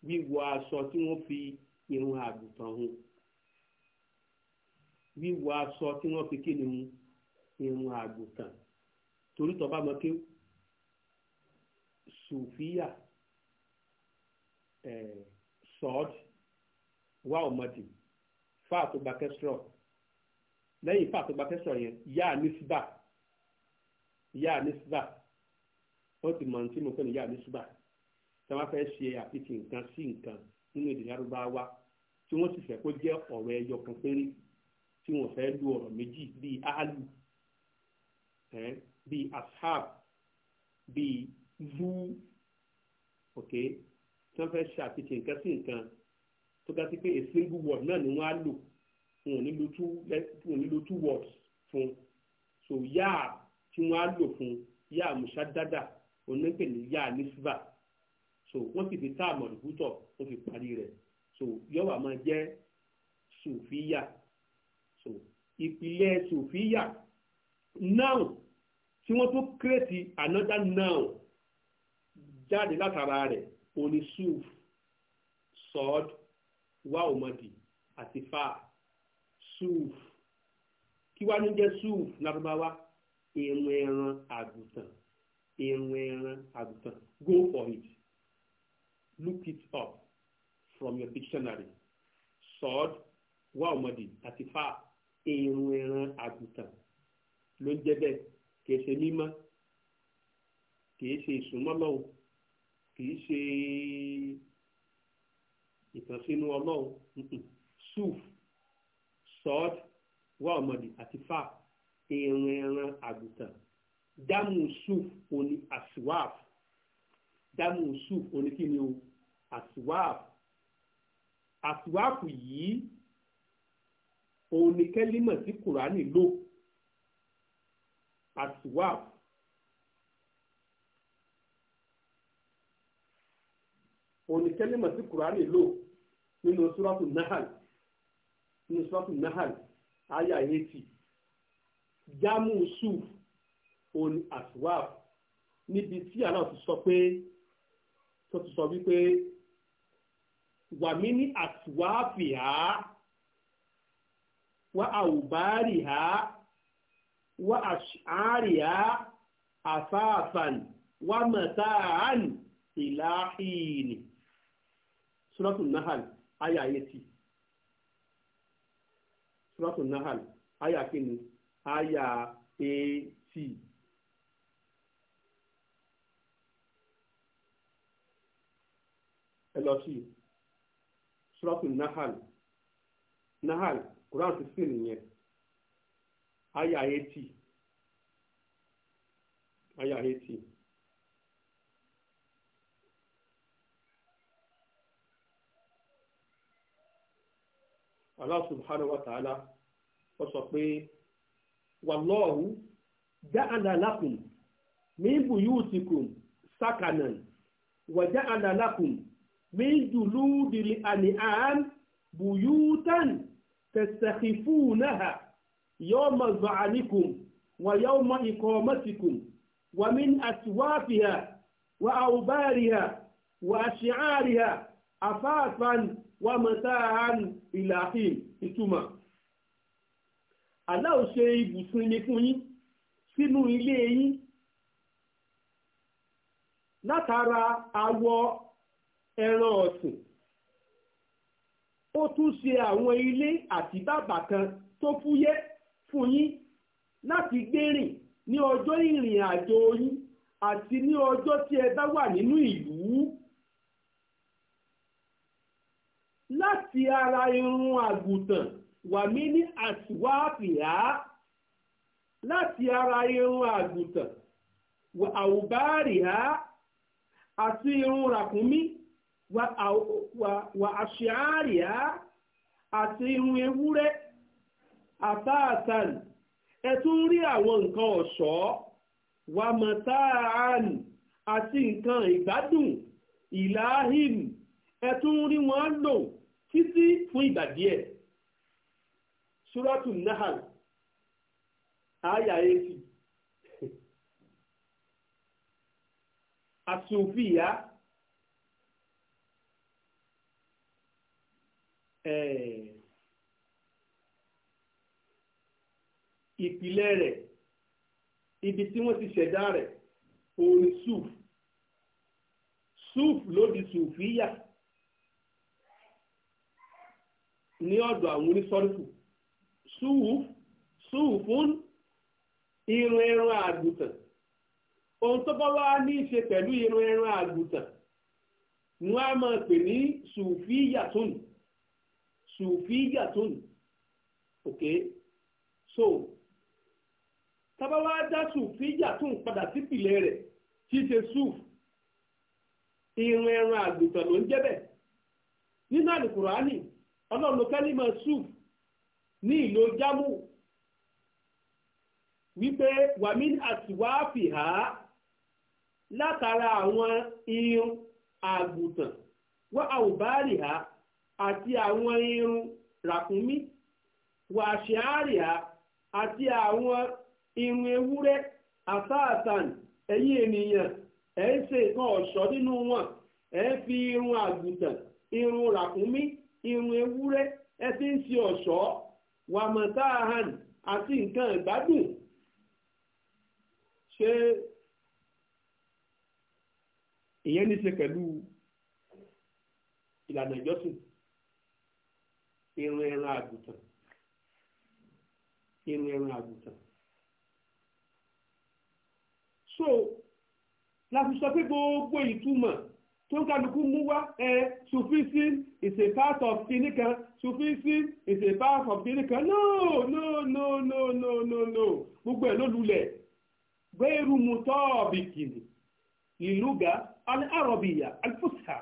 wíwọ aṣọ tí wọ́n fi irun àgùntàn hun wíwọ aṣọ tí wọ́n fi kíni irun àgùntàn torí tó bá mọ sùfíyà eh, wà ọmọdé. fa àtògbà kẹsìrọ̀ lẹ́yìn fa àtògbà kẹsìrọ̀ yẹn yá nísìbà yá nísìbà ó ti mọ̀ tí mo fẹ́ ní yá nísìbà tí wọ́n fẹ́ ṣe àfitì nǹkan sí nǹkan nínú èdè lárúbáwá tí wọ́n sì fẹ́ kó jẹ́ ọ̀rọ̀ ẹyọ kan péré tí wọ́n fẹ́ lu ọ̀rọ̀ méjì bíi áálù bíi ashab bíi zu ok tí wọ́n fẹ́ ṣe àfitì nǹkan sí nǹkan tó ga sí pé a single word náà ni wọ́n á lò wọn ò ní lo two wọn ò ní two words fún so yáà tí wọ́n á lò fún yáà mushadada onípè ní yáà nisba so wọ́n sì fi táàmù ọ̀dùkútọ̀ wọ́n fi parí rẹ̀ so yọ̀wà máa jẹ́ sùfíyà so ìpìlẹ̀ sùfíyà noun tí wọ́n tó kírètì another noun jáde látara rẹ̀ oní sùf sọ́ọ̀dù wáòmọdì àti fa suuf kí wàá ní jẹ́ suuf lárúbáwá irun ẹran àgùntàn irun ẹran àgùntàn go for it look it up from your dictionary sọọd wáòmọdì àti fa irun ẹran àgùntàn ló ń jẹ́ bẹ́ẹ̀ kìí ṣe mímọ́ kìí ṣe ìsúnmọ́lọ́wọ́ kìí ṣe ìtànsínú ọlọ́run suf sọ́ọ̀d wọ́ọ̀mọ̀dì àti fa ìrìn ẹran àgùntàn dámù suf oní àsùwàf dámù suf oní kíni o àsùwàf àsùwàf yìí òun ni kẹ́límọ̀ tí kùránì lò àsùwàf. òun ni kẹ́límọ̀ tí kùránì lò nínú sùràtù nahal nínú sùràtù nahal àyà eighty jamu suf on aswaf níbi tí àná ti sọ pé tó ti sọ wípé wàmí ní aswafi ha wa àwùbárì ha wa àṣàárì ha àfáàfàn wa màtáàn ìlàhìnì sùràtù nahal. aya eighty suratu nahal aya kínní aya eighty. ẹ lọ sí suratu nahal nahal quran sixteen nìyẹn aya eighty aya eighty. Allah subhanahu wa ta'ala ó sọ pé wallahu ja'ala lakum min buyutikum sakanan wa ja'ala lakum min juludil an'am buyutan tastakhifunaha yawma za'anikum wa yawma iqamatikum wa min aswafiha wa awbariha wa ash'ariha afafan wà mọ̀táhàn ìlàhìn ìtumọ̀ aláwo ṣe ibùsùn ni fún yín sínú ilé yín látara awọ ẹran ọ̀sìn ó tún ṣe àwọn ilé àti bàbà kan tó fúyẹ́ fún yín láti gbérìn ní ọjọ́ ìrìn àjò yín àti ní ọjọ́ tí ẹ bá wà nínú ìlú láti ara irun àgùntàn wàmí ní àtiwáàpìá láti ara irun àgùntàn àwùbáàrìá àti irun ràkúnmí wà àṣìárìá àti irun ewúrẹ́ àtàtàn ẹ rí àwọn nǹkan ọ̀ṣọ́ wà mọ̀táàn àti nǹkan ìgbádùn ìlàhìn ẹ tún rí wọn lò títí fún ìgbà díẹ̀ suratu nahal aya eti asofiya ìpìlẹ̀ rẹ̀ ibi tí wọ́n ti ṣẹ̀dá rẹ̀ òun suf suf ló di sofiya. ní ọ̀dọ̀ àwọn onísọ́rífù suwuf suwufun irun ẹran àgùntàn ohun tó bá wá ní ṣe pẹ̀lú irun ẹran àgùntàn ni wọ́n á máa pè ní ok so tábà wá dá sùfíyàtún padà sípìlẹ̀ rẹ̀ tí ṣe irun ẹran àgùntàn ló ń jẹ́ bẹ́ẹ̀ ọlọ́run ló kẹ́límọ̀ sùf ní ìlò jámù wípé wàmí àtiwáàfì ha látara àwọn irun àgùntàn wá àwòbárì ha àti àwọn irun ràkúnmí wà àṣeárì ha àti àwọn irun ewúrẹ́ àtàtàn ẹ̀yin ènìyàn ẹ̀ ń ṣe nǹkan ọ̀ṣọ́ nínú wọn ẹ̀ ń fi irun àgùntàn irun ràkúnmí irun ewúrẹ́ ẹ fi ń ṣe ọ̀ṣọ́ wàmọ̀táhàn àti nǹkan ìgbádùn ìyẹn ní ṣe pẹ̀lú ìlànà ìjọsìn irun ẹran irun ẹran àgùntàn so la sọ pé gbogbo tó ń kálukú mú wá ẹ sufism is a part of kìíní kan sufism is a part of kìíní kan no no no no no no no gbogbo ẹ̀ ló lulẹ̀ gbẹ́rù mutọ́ọ̀bì kìíní ìlúgà alárọ̀bìyà alfusha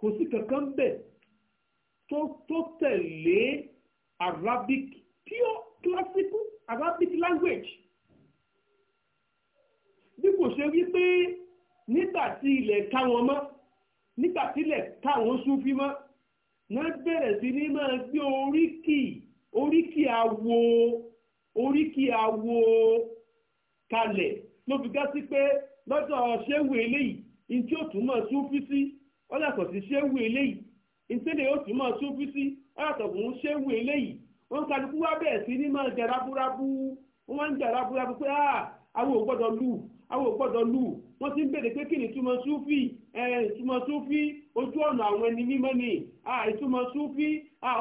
kò sí kankan bẹ́ẹ̀ tó tó tẹ̀lé Arabic pure classical Arabic language bí kò ṣe wí pé nígbà tí ilẹ̀ ká wọn mọ́ nígbà tí ilẹ̀ ká wọn súnfí mọ́ náà bẹ̀rẹ̀ sí ní máa gbé oríkì oríkì awo oríkì awo kalẹ̀ ló fi gá sí pé lọ́jọ́ ṣéwù eléyìí ní tí ó tún máa súnfí sí ó yàtọ̀ sí ṣéwù eléyìí ní tí ó tún máa súnfí sí ó yàtọ̀ fún ṣéwù eléyìí wọ́n kálukú wá bẹ̀rẹ̀ sí ní máa jẹ rábúrábú wọ́n ń jẹ rábúrábú pé ah, àwọn ò gbọ́dọ̀ lù àwọn ò gbọ́dọ̀ lù wọ́n ti ń bèèrè pé kí ni túmọ̀ súfì ìtumọ̀ súfì ojú ọ̀nà àwọn ẹni mímọ́ ni ìtumọ̀ súfì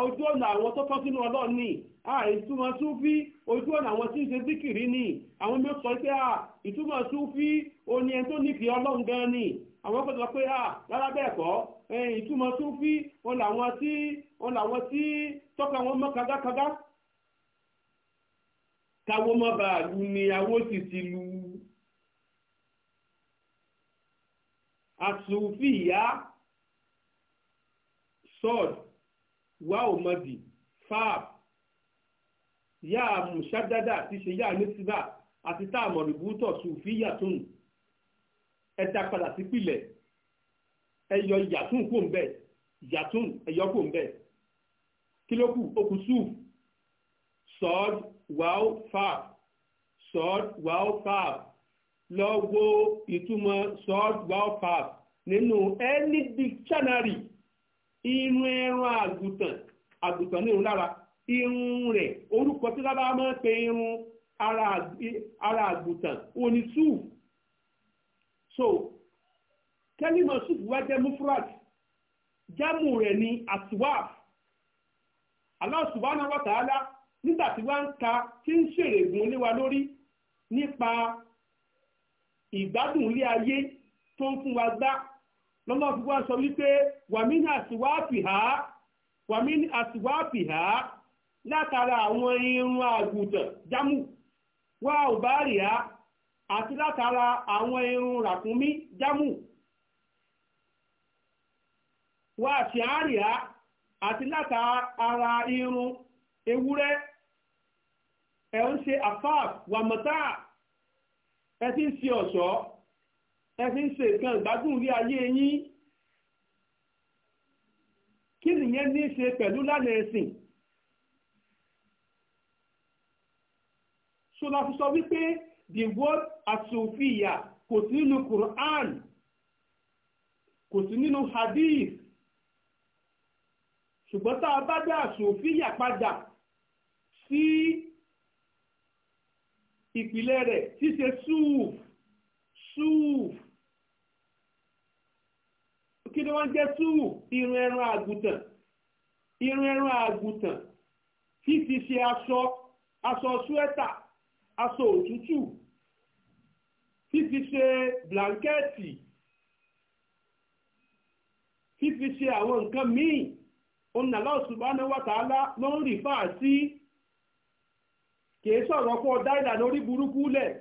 ojú ọ̀nà àwọn tó tọ́ sínú ọlọ́ọ̀ ni ìtumọ̀ súfì ojú ọ̀nà àwọn tí ń ṣe síkìrì ni àwọn mi sọ pé ìtumọ̀ súfì oní ẹni tó nífẹ̀ẹ́ ọlọ́run gan ni àwọn kò sọ pé rárá bẹ́ẹ̀ kọ́ ìtumọ̀ súfì wọn làwọn tí wọn làwọn tí tọ́ka wọn mọ́ kágákágá káwọn mọ́ bàálù ni àwọn sì ti lu àsùnfìyà sọ́ọ̀d wàhùmọ́dì fáàb yá mùsádádà ti ṣe yá nísìbà àti táàmù rìbútọ̀ sùfìyà tún ẹ dá padà sí pìlẹ̀ ẹ yọ yàtún kò ń bẹ̀ yàtún ẹ yọ kò ń bẹ̀ kí ló kù ó kù sùf sọ́ọ̀d wàhù fáàb lọ wo ìtumọ̀ short wow pass nínú any dictionary irun ẹran àgùntàn àgùntàn ní irun lára irun rẹ̀ orúkọ tí lábá máa ń pe irun ara àgùntàn òun ni sùf so kẹ́límọ̀ sùf wá jẹ́ mufrat jámù rẹ̀ ni àtiwáf Allah subhanahu wa ta'ala nígbà tí wọ́n ń ka tí ń ṣèrègùn lé wa lórí nípa ìgbádùn ilé ayé tó ń fún wa gbá lọ́nà fún wa sọ wípé wàmí ní àsìwáàfì ha wàmí ní àsìwáàfì ha látara àwọn irun àgùntàn jámù wá ò bá rì á àti látara àwọn irun ràkúnmí jámù wá àṣì àárì á àti látara irun ewúrẹ́ ẹ̀ ń ṣe àfáà wàmọ́tà ẹ ti ń ṣe ọ̀ṣọ́ ẹ ti ń ṣe nǹkan ìgbádùn ilé ayé yín kí nìyẹn ní í ṣe pẹ̀lú lánàá ẹ̀sìn ṣọlá fi sọ wípé the word asòfìyà kò sí nínú Quran kò sí nínú hadith ṣùgbọ́n tá a bá dá asòfìyà padà sí. Si ìpìlẹ̀ rẹ̀ ṣíṣe súùf súùf kí ni wọ́n jẹ́ súùf irun ẹran àgùntàn irun ẹran àgùntàn fífi ṣe aṣọ aṣọ suẹ́tà aṣọ òtútù fífi ṣe blankẹ́ẹ̀tì fífi ṣe àwọn nǹkan míì òun Allah subhanahu wa ta'ala ló ń rí sí. Si, kìí sọ̀rọ̀ kó ìlànà orí burúkú lẹ̀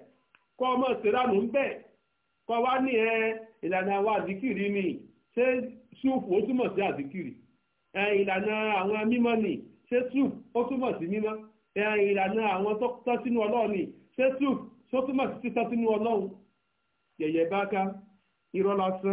kọ́ ọmọ ìsìlámù ń bẹ̀ kọ́ wá ní ẹ ìlànà àwọn àzìkìrì ni ṣé ṣúùfù ó túmọ̀ sí àzìkìrì ìlànà àwọn mímọ́ ni ṣé ó túmọ̀ sí mímọ́ ìlànà àwọn tó ọlọ́run ni ṣé ó sí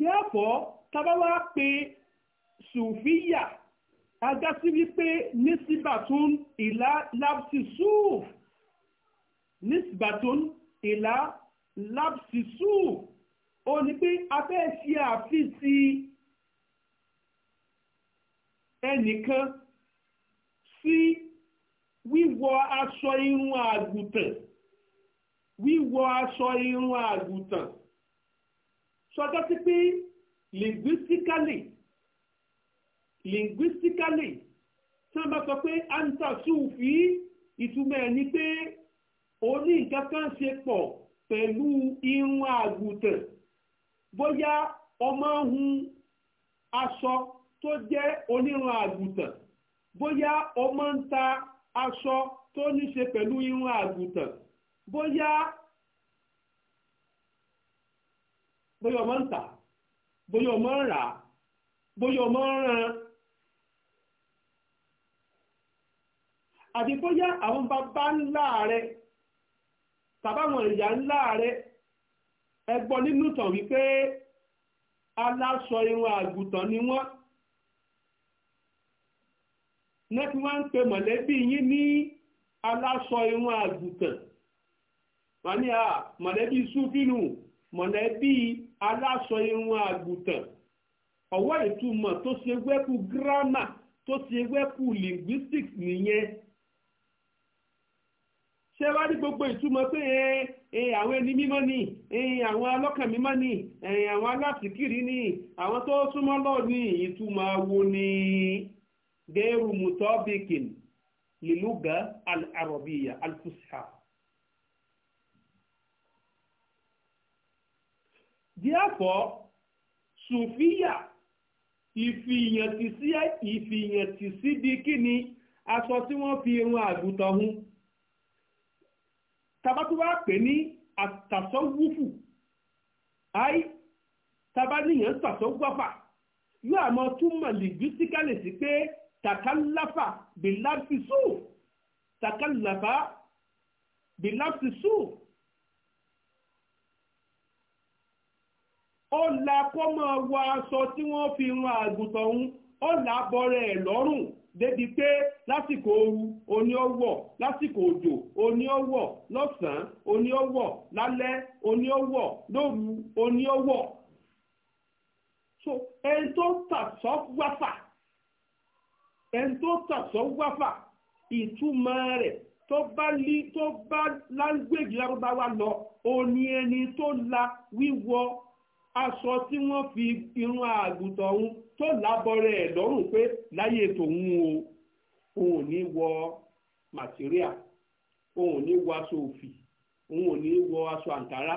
therefore tábàwá pé sùfíyà agásí wípé nísìbàtún ìlà lápsì sùf nísìbàtún ìlà lápsì sùf ó ní pé a fẹ́ ṣe àfíìsì ẹnìkan sí wíwọ aṣọ irun àgùntàn wíwọ aṣọ irun àgùntàn sọjọ́ sí pé linguistically linguistically tí wọ́n bá sọ pé anta sufi ìtumọ̀ ẹ̀ ni pé ó ní nǹkan kan ṣe pọ̀ pẹ̀lú irun àgùntàn bóyá ọmọ hun aṣọ tó jẹ́ onírun àgùntàn bóyá ọmọ ń ta aṣọ tó ní ṣe pẹ̀lú irun àgùntàn bóyá bóyá ọmọ ń tà bóyá ọmọ ń rà bóyá ọmọ ń ràn àti bóyá àwọn bàbá ńlá rẹ tàbáwọn ìyá ńlá rẹ ẹgbọ́ nínú tàn wípé aláṣọ irun àgùntàn ni wọ́n nẹ́tí wọ́n ń pe mọ̀lẹ́bí yín ní aláṣọ irun àgùntàn wọ́n ní à mọ̀lẹ́bí súfínù mọ̀lẹ́bí aláṣọ irun àgùntàn ọwọ́ ìtumọ̀ tó ṣe wẹ́kù gírámà tó ṣe wẹ́kù linguistics nìyẹn ṣé wá ní gbogbo ìtumọ̀ pé àwọn ẹni mímọ́ ni àwọn alọ́kàn mímọ́ ni àwọn aláṣìkiri ni àwọn tó súnmọ́ lọ ni ìtumọ̀ wo ni lìlúgà al-arabiya al-fusha. therefore sùfíyà ìfìyàntì sí ìfìyàntì sí di kíni aṣọ tí wọ́n fi irun àgùntàn hun tabatu wa pè ní àtàsọ́wúfù àì tabaniyàn tàsọ́wúfà yóò àmọ́ túmọ̀ lìgbísíkàlì sí pé takalafa bilamsi sùn takalafa bilamsi sùn. ó la kó máa wọ aṣọ tí wọ́n fi ran àgùntàn òun ó là á bọ̀rẹ̀ ẹ̀ lọ́rùn débi pé lásìkò ooru oní ó wọ̀ lásìkò òjò oní ó wọ̀ lọ́sàn-án oní ó wọ̀ lálẹ́ oní ó wọ̀ lóru oní ó wọ̀ so ẹni tó tàṣọ wáfà ẹni tó tàṣọ wáfà ìtumọ̀ rẹ̀ tó bá lí tó bá láńgbèjì lárúbáwá lọ òní ẹni tó la wíwọ aṣọ tí wọ́n fi irun àgùntàn ọ̀hún tó lábọ́rẹ̀ ẹ̀ lọ́rùn pé láyé tòun o òun ò ní wọ màtíríà òun ò ní wọ aṣọ òfì òun ò ní wọ aṣọ àǹtárá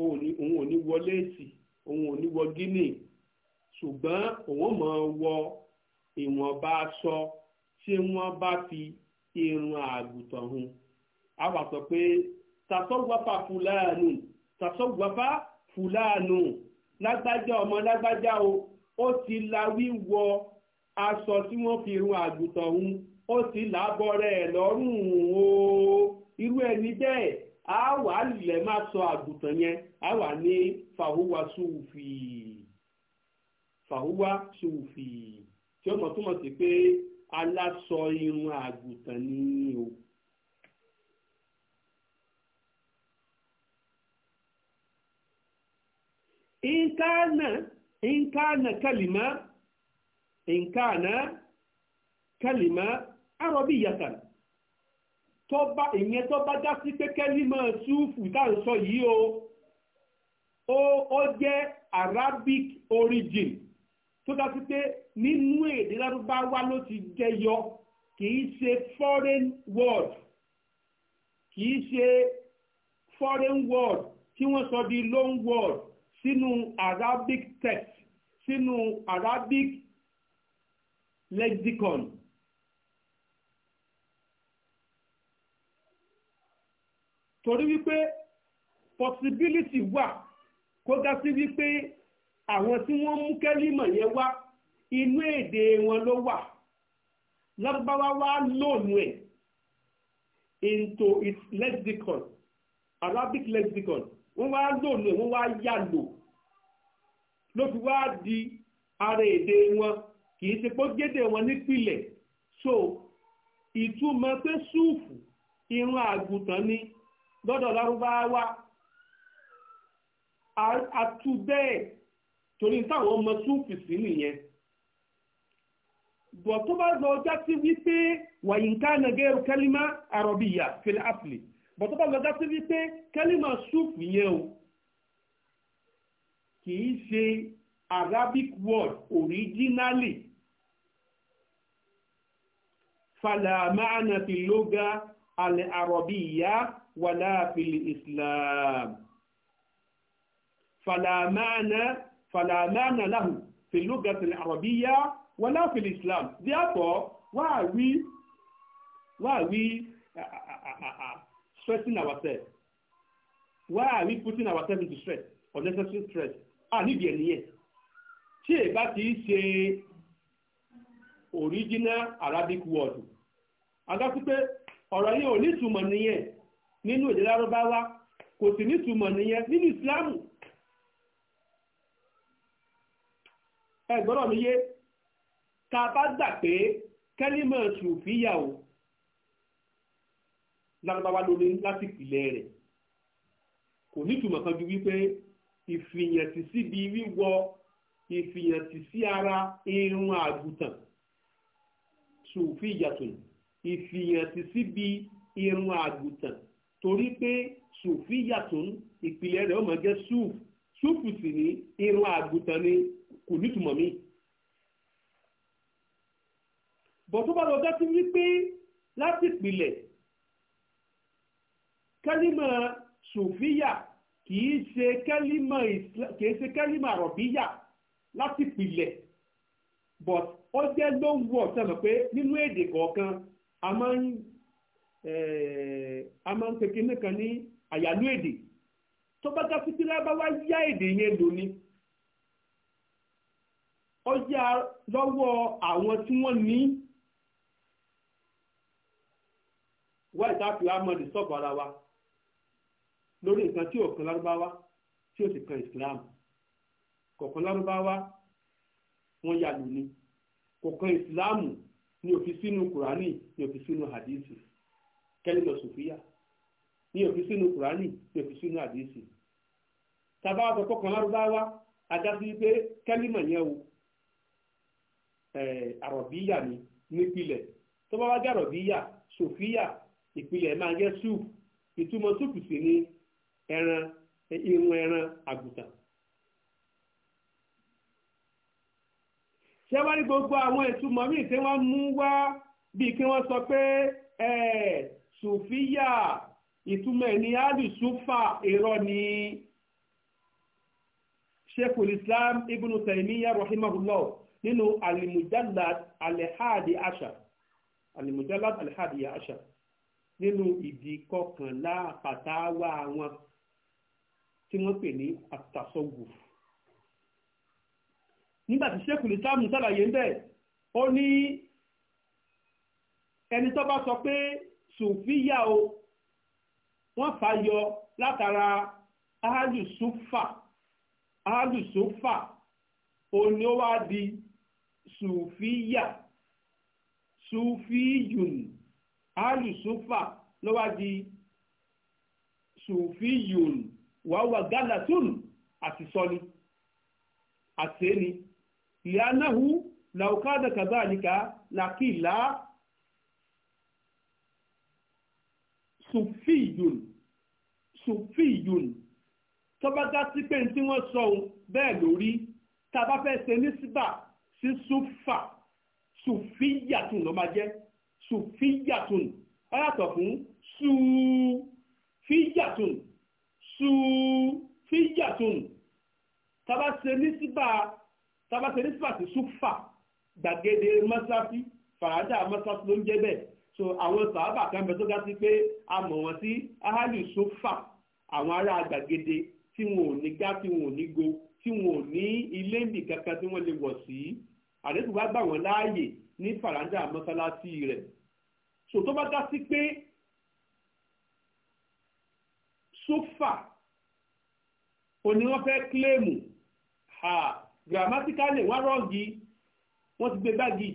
òun ò ní wọ léèsì òun ò ní wọ gíní ṣùgbọ́n òun mọ̀ wọ ìwọ̀nba aṣọ tí wọ́n bá fi irun àgùntàn hun a wà sọ pé tàṣọ́gbàfà fúláàánù tàṣọ́gbàfà fúláàánù lágbájá ọmọ lágbájá o ó ti la wíwọ aṣọ tí wọ́n fi run àgùntàn ọ̀hún ó ti làbọ̀rẹ̀ ẹ̀ lọ́rùn o irú ẹni bẹ́ẹ̀ a wà lẹ̀ máa sọ àgùntàn yẹn a wà ní fàhùwà sùfì fàhùwà sùfì tí ó mọ̀ túmọ̀ sí pé aláṣọ irun àgùntàn ni o. إن إن كان كلمة إن كان كلمة عربية tọ́ba ìyẹn tọ́ba já sí pé kẹ́límà ṣúfù tá à ń sọ yìí o ó ó jẹ́ Arabic origin tó dá sí pé nínú èdè lárúbáwá ló ti jẹyọ kìí ṣe foreign word kìí ṣe foreign word tí wọ́n sọ di loan word sínú Arabic text sínú Arabic lexicon torí wípé possibility wà kó ga sí wípé àwọn tí wọ́n mú kẹ́límọ̀ yẹn wá inú èdè wọn ló wà lọ́gbàwá wá lónìí ẹ̀ into its lexicon Arabic lexicon wọ́n wá lò lò wọ́n wá yà lò ló fi wá di ara èdè wọn kì ṣe pé gédè wọn nípìlẹ̀ so ìtumọ̀ pé súùfù irun àgùntàn ni lọ́dọ̀ lárúbáwá àtúbẹ́ẹ̀ torí táwọn ọmọ súùfù sí nìyẹn bọ̀ tó bá lọ já sí wípé wàyínká nàgẹ́rù kálímà àrọ̀bìyà fìlà áfìlì bọ̀tọ́ bá lọ dásí wípé kẹ́límà súùfù yẹn o kì í ṣe Arabic word originally fàlàmáàna fi lóga alẹ́ àrọ̀bíyá wàlá fìlì Islam fàlàmáàna fàlàmáàna láhù fi lóga alẹ́ àrọ̀bíyá wàlá fìlì Islam díàtọ̀ wáà wí wáà wí àà àà àà. stressing ourselves. Why are we putting ourselves into stress, unnecessary stress? Ah, níbi ẹni yẹn. Tí ẹ bá ti original Arabic word. Àdásí pé ọ̀rọ̀ yìí ò ní ìtumọ̀ nínú èdè Lárúbáwá kò sì ní nìyẹn nínú Ìsìlámù. Ẹ gbọ́dọ̀ mi yé, bá gbà pé kẹ́límọ̀ lárúbáwá ló ní láti pìlẹ̀ rẹ̀ kò nítumọ̀ kan ju wípé ìfìyàntì síbi wíwọ ìfìyàntì sí ara irun àgùntàn sùfìyàtùn ìfìyàntì síbi irun àgùntàn torí pé sùfìyàtùn ìpìlẹ̀ rẹ̀ ó máa jẹ́ sùf sùf sì ní irun àgùntàn ni kò nítumọ̀ míì bọ̀ tó bá lọ dá sí wípé láti pìlẹ̀ kẹ́límọ̀ sùfíyà kìí ṣe kẹ́límọ̀ kìí ṣe kẹ́límọ̀ àrọ̀bíyà láti pìlẹ̀ but ó jẹ́ lóhùn ọ̀sẹ̀ mọ̀ pé nínú èdè kọ̀ọ̀kan a máa ń eh, a máa ń pe kinní kan ní àyálò èdè tó bá jásí tí lábáwá yá èdè yẹn lò ní ó yá lọ́wọ́ àwọn tí wọ́n ní wọ́n ìtàkùn amọ̀dé sọ̀bọ̀ ara wa. lórí nǹkan tí ò lárúbáwá tí o sì kan islam kọ̀ọ̀kan lárúbáwá wọ́n yà lù ní kọ̀ọ̀kan islam ni ó fi sínú kùránì ni ó fi sínú hadisi kẹ́lẹ́mọ̀ sòfíà ni ó fi sínú kùránì ni ó fi sínú hadisi tàbá kọ̀ọ̀kan lárúbáwá adásí pé kẹ́lẹ́mọ̀ yẹn o ni nípìlẹ̀ bá wá sòfíà ìpìlẹ̀ máa ẹran irun ẹran àgùntàn. ṣé wá ní gbogbo àwọn ìtumọ̀ míì tí wọ́n mú wá bíi kí wọ́n sọ pé sùfíyà ìtumọ̀ ẹ̀ ní alùsùfà irọ́ ni sheikhul islam ibn taymiyyah rahimahullah nínú alimujallad alihadi asha alimujallad alihadi asha nínú ìdí kọkànlá fatawa wọn tí wọ́n pè ní àtàsọ́gù nígbàtí sẹ́kùlù táàmù sàlàyé ń bẹ̀ ó ní ẹni tó bá sọ pé sùfíyà o wọ́n fàyọ látara ahálùsúfà ahálùsúfà ó ní ó wá di sùfíyà sùfíyùn ahálùsúfà ló wá di sùfíyùn wàá wà gálàtún àti sọ́ni àtẹ́ni ìyánáhu làwùkádà kàbáàlìkà làkìlá sùfíyùn sùfíyùn tọ́ba dá sí pé tí wọ́n sọ ohun bẹ́ẹ̀ lórí tá a bá fẹ́ ṣe ní síbà sí sùfà sùfíyàtùn ló máa jẹ́ sùfíyàtùn ó fún sùfíyàtùn sùfíyàtún tabase nísìbà tabase nísìbà sí sùfà gbàgede mọ́sáfí fàájà mọ́sáfí ló ń jẹ́ bẹ́ẹ̀ so àwọn sàábà kan bẹ tó ga sí pé a mọ̀ wọ́n sí ahalu sùfà àwọn ará gbàgede tí wọn ò ní gá tí wọn ò ní go tí wọn ò ní ilé ìbì kankan tí wọ́n lè wọ̀ sí àdéhùn bá gbà wọ́n láàyè ní fàràǹdà mọ́sálásí rẹ̀ so tó bá dá sí pé sófà òní wọ́n fẹ́ kílèmù ha gramatikali wọ́n rọ́ọ̀gì wọ́n ti gbé gbági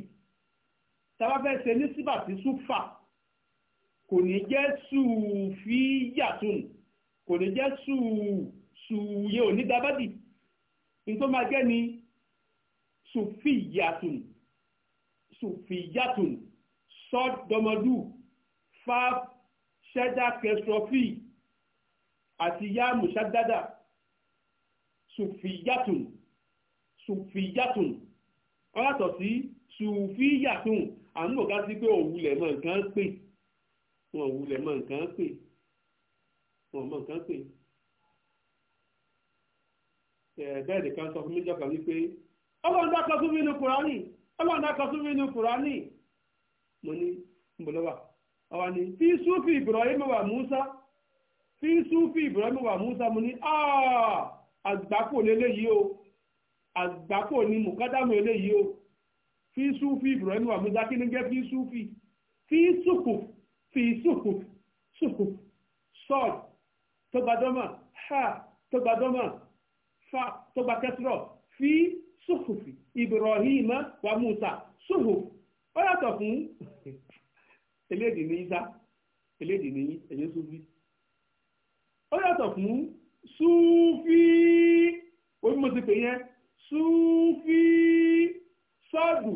tàbá fẹ́ ṣe ní síbà sí sófà kò ní jẹ́ sùúfìyàtún kò ní jẹ́ sùúyẹ onídàbádì nítorí máa jẹ́ ni sùfìyàtún sùfìyàtún sọ́dọ̀mọdù fáf ṣẹ́dá kẹsọ̀fì àti yá mushaddada sùfìyàtùn sùfìyàtùn wọ́n yàtọ̀ sí sùfìyàtùn àwọn òkà sí pé òwúlẹ̀ mọ̀ nǹkan pè wọn òwúlẹ̀ mọ̀ nǹkan pè wọn mọ̀ nǹkan pè bẹ́ẹ̀ nìkan sọ fún méjọba wípé ọlọ́run dákọ̀ sún nínú kùránì ọlọ́run dákọ̀ sún nínú kùránì mo ní ń bọ̀ lọ́wọ́ àwa ni fi súfì Ibrahim wa Musa tí súfì Ibrahim wà Musa mu ní ah, àgbákò lélẹ́yìí o àgbákò ní mùkádàmù eléyìí o fi súfì Ibrahim wà Musa kí ni jẹ́ fi súfì fi sùkù fi sùkù sùkù sọ́ọ̀d tó ha tó gbadọ́mà fa tó gba kẹsìrọ̀ fi sùkù Ibrahim wà Musa sùkù ó yàtọ̀ fún eléyìí ní isa eléyìí ní ẹ̀yẹ́sùfì ó yàtọ̀ fún súfì orí mo ti pè yẹn súfì sọ́ọ̀dù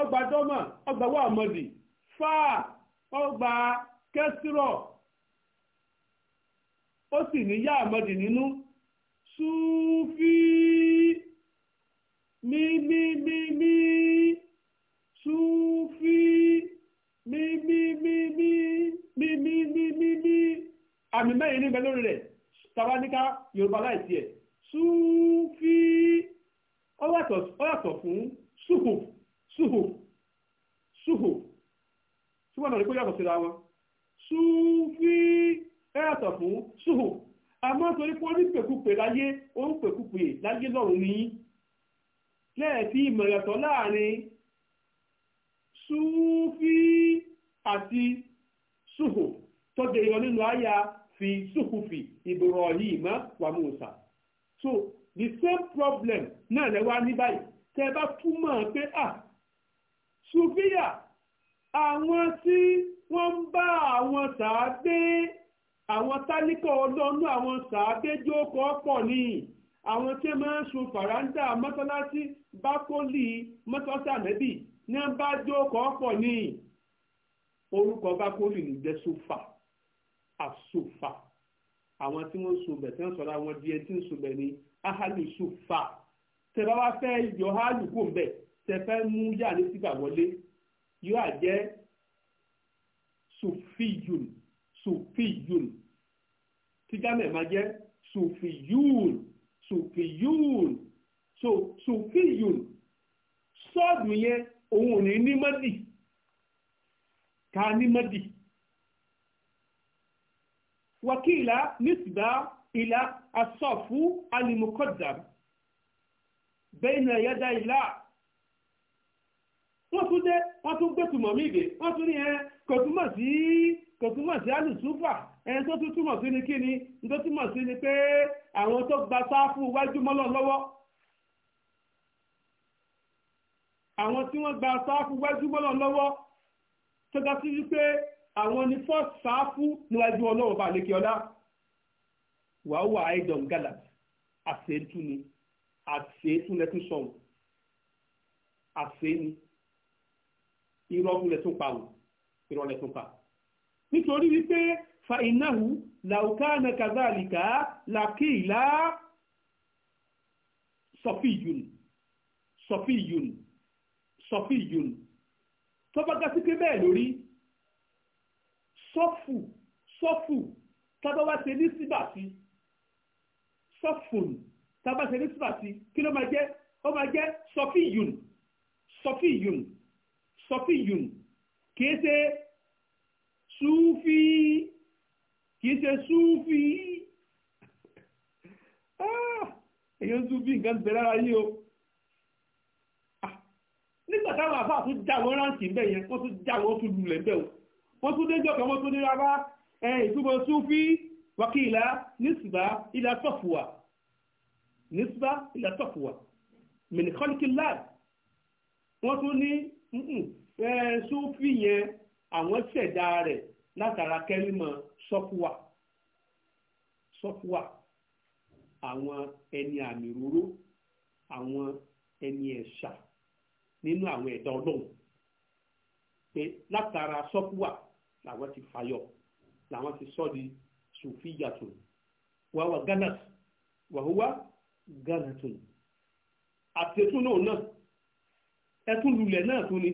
ọgbà dọ́mà ọgbà wà mọ́dì fáà ọgbà kẹsírọ̀ ó sì ní yá àmọ́dì nínú súfì mí mí mí mí súfì mí mí mí mí mí mí mí mí àmì mẹ́rin níbẹ̀ lórí rẹ̀ tabaníká yorùbá láìsí ẹ̀ súfì ó yàtọ̀ fún súhù súhù súhù súhù ọ̀nà ní kó yàtọ̀ síra wọn súfì ó yàtọ̀ fún súhù àmọ́ torí pé onípèkúpè láyé ó ń pèkúpè láyé lọ́rùn ní lẹ́ẹ̀tí ìmọ̀lẹ̀tọ̀ láàrin súfì àti súhù tó dèrò nínú àyà fi suhufi Ibrahim wa Musa so the same problem náà lẹ wá ní báyìí tẹ bá túmọ̀ pé à ah, sufiya àwọn tí wọ́n ń bá àwọn sàádé àwọn tálíkà ọlọ́nu àwọn sàádé jókòó pọ̀ nìyí àwọn tí máa ń sun fàràǹdà mọ́sálásí bákólì mọ́sálásí ànẹ́bì ní bá jókòó pọ̀ nìyí orúkọ bákólì ń jẹ́ sófà. So àsùfà àwọn tí wọ́n sùn bẹ̀ tí wọ́n sọ̀rọ̀ àwọn díẹ̀ tí ń sùn bẹ̀ ni ahàlùsùfà tẹ bá wá fẹ́ yọ ahàlùkù bẹ̀ tẹ fẹ́ mú yà ní sígbà wọlé yóò àjẹ́ sùfìyùn sùfìyùn tíjámẹ̀ máa jẹ́ sùfìyùn sùfìyùn so sùfìyùn sọ́ọ̀dù yẹn òun ò ní ní mọ́dì ká ní mọ́dì wàkìlá nísìbá ìlà asọ́fù alimukọ́dà bẹ́ẹ̀nà yẹ́dá ìlà wọ́n tún dé wọ́n tún gbé tùmọ̀ mí ìdè wọ́n tún ní ẹ kò túmọ̀ sí kò túmọ̀ sí alùsùfà ẹni tó tún túmọ̀ sí ni kí ni ní tó túmọ̀ sí ni pé àwọn tó gba sáfù wájú mọ́lọ́ lọ́wọ́ àwọn tí wọ́n gba sáfù wájú mọ́lọ́ lọ́wọ́ tó ga sí wípé àwọn ni first sáfù níwájú ọlọ́run bá lékè ọlá wàá wà aidan galat àṣetú ni àṣetú lẹ́tún sọ̀rọ̀ àṣe ni irọ́ lẹ́tún pa wò irọ́ lẹ́tún pa nítorí wípé fa ináhu làwùkánà kazalika làkìlá sọfíìyùn sọfíìyùn sọfíìyùn tó bá gásí pé bẹ́ẹ̀ lórí sọ́fù sọ́fù tábà wá ṣe ní síbàtì sọ́fùn tábà ṣe ní síbàtì kí ló máa jẹ́ ó máa jẹ́ sọfíyùn sọfíyùn sọfíyùn kìí ṣe súfì kìí ṣe súfì ah, èyí ń súfì nǹkan bẹ̀rẹ̀ ara yìí o ah, nígbà táwọn àfáà tún jáwọ́ rántí bẹ́ẹ̀ yẹn wọ́n tún jáwọ́ tún lulẹ̀ bẹ́ẹ̀ o wọ́n tún dé jọ́kàn wọ́n tún ní rárá ẹ ìtumọ̀ súnfí wákìlá nísìbá ilà tọ́fùwà nísìbá ilà tọ́fùwà mìnìkọ́lìkìlá wọ́n tún ní ẹ súnfí yẹn àwọn ṣẹ̀dá rẹ̀ látara kẹ́límọ̀ sọ́fùwà sọ́fùwà àwọn ẹni àmì rúró àwọn ẹni ẹ̀ṣà nínú àwọn ẹ̀dá ọlọ́run pé látara sọ́fùwà làwọn ti fàyọ làwọn ti sọ di sùfìyàtò wàhùwà gánàt wàhùwà gánàtò àtẹ̀tún náà náà ẹtún lulẹ̀ náà tún ni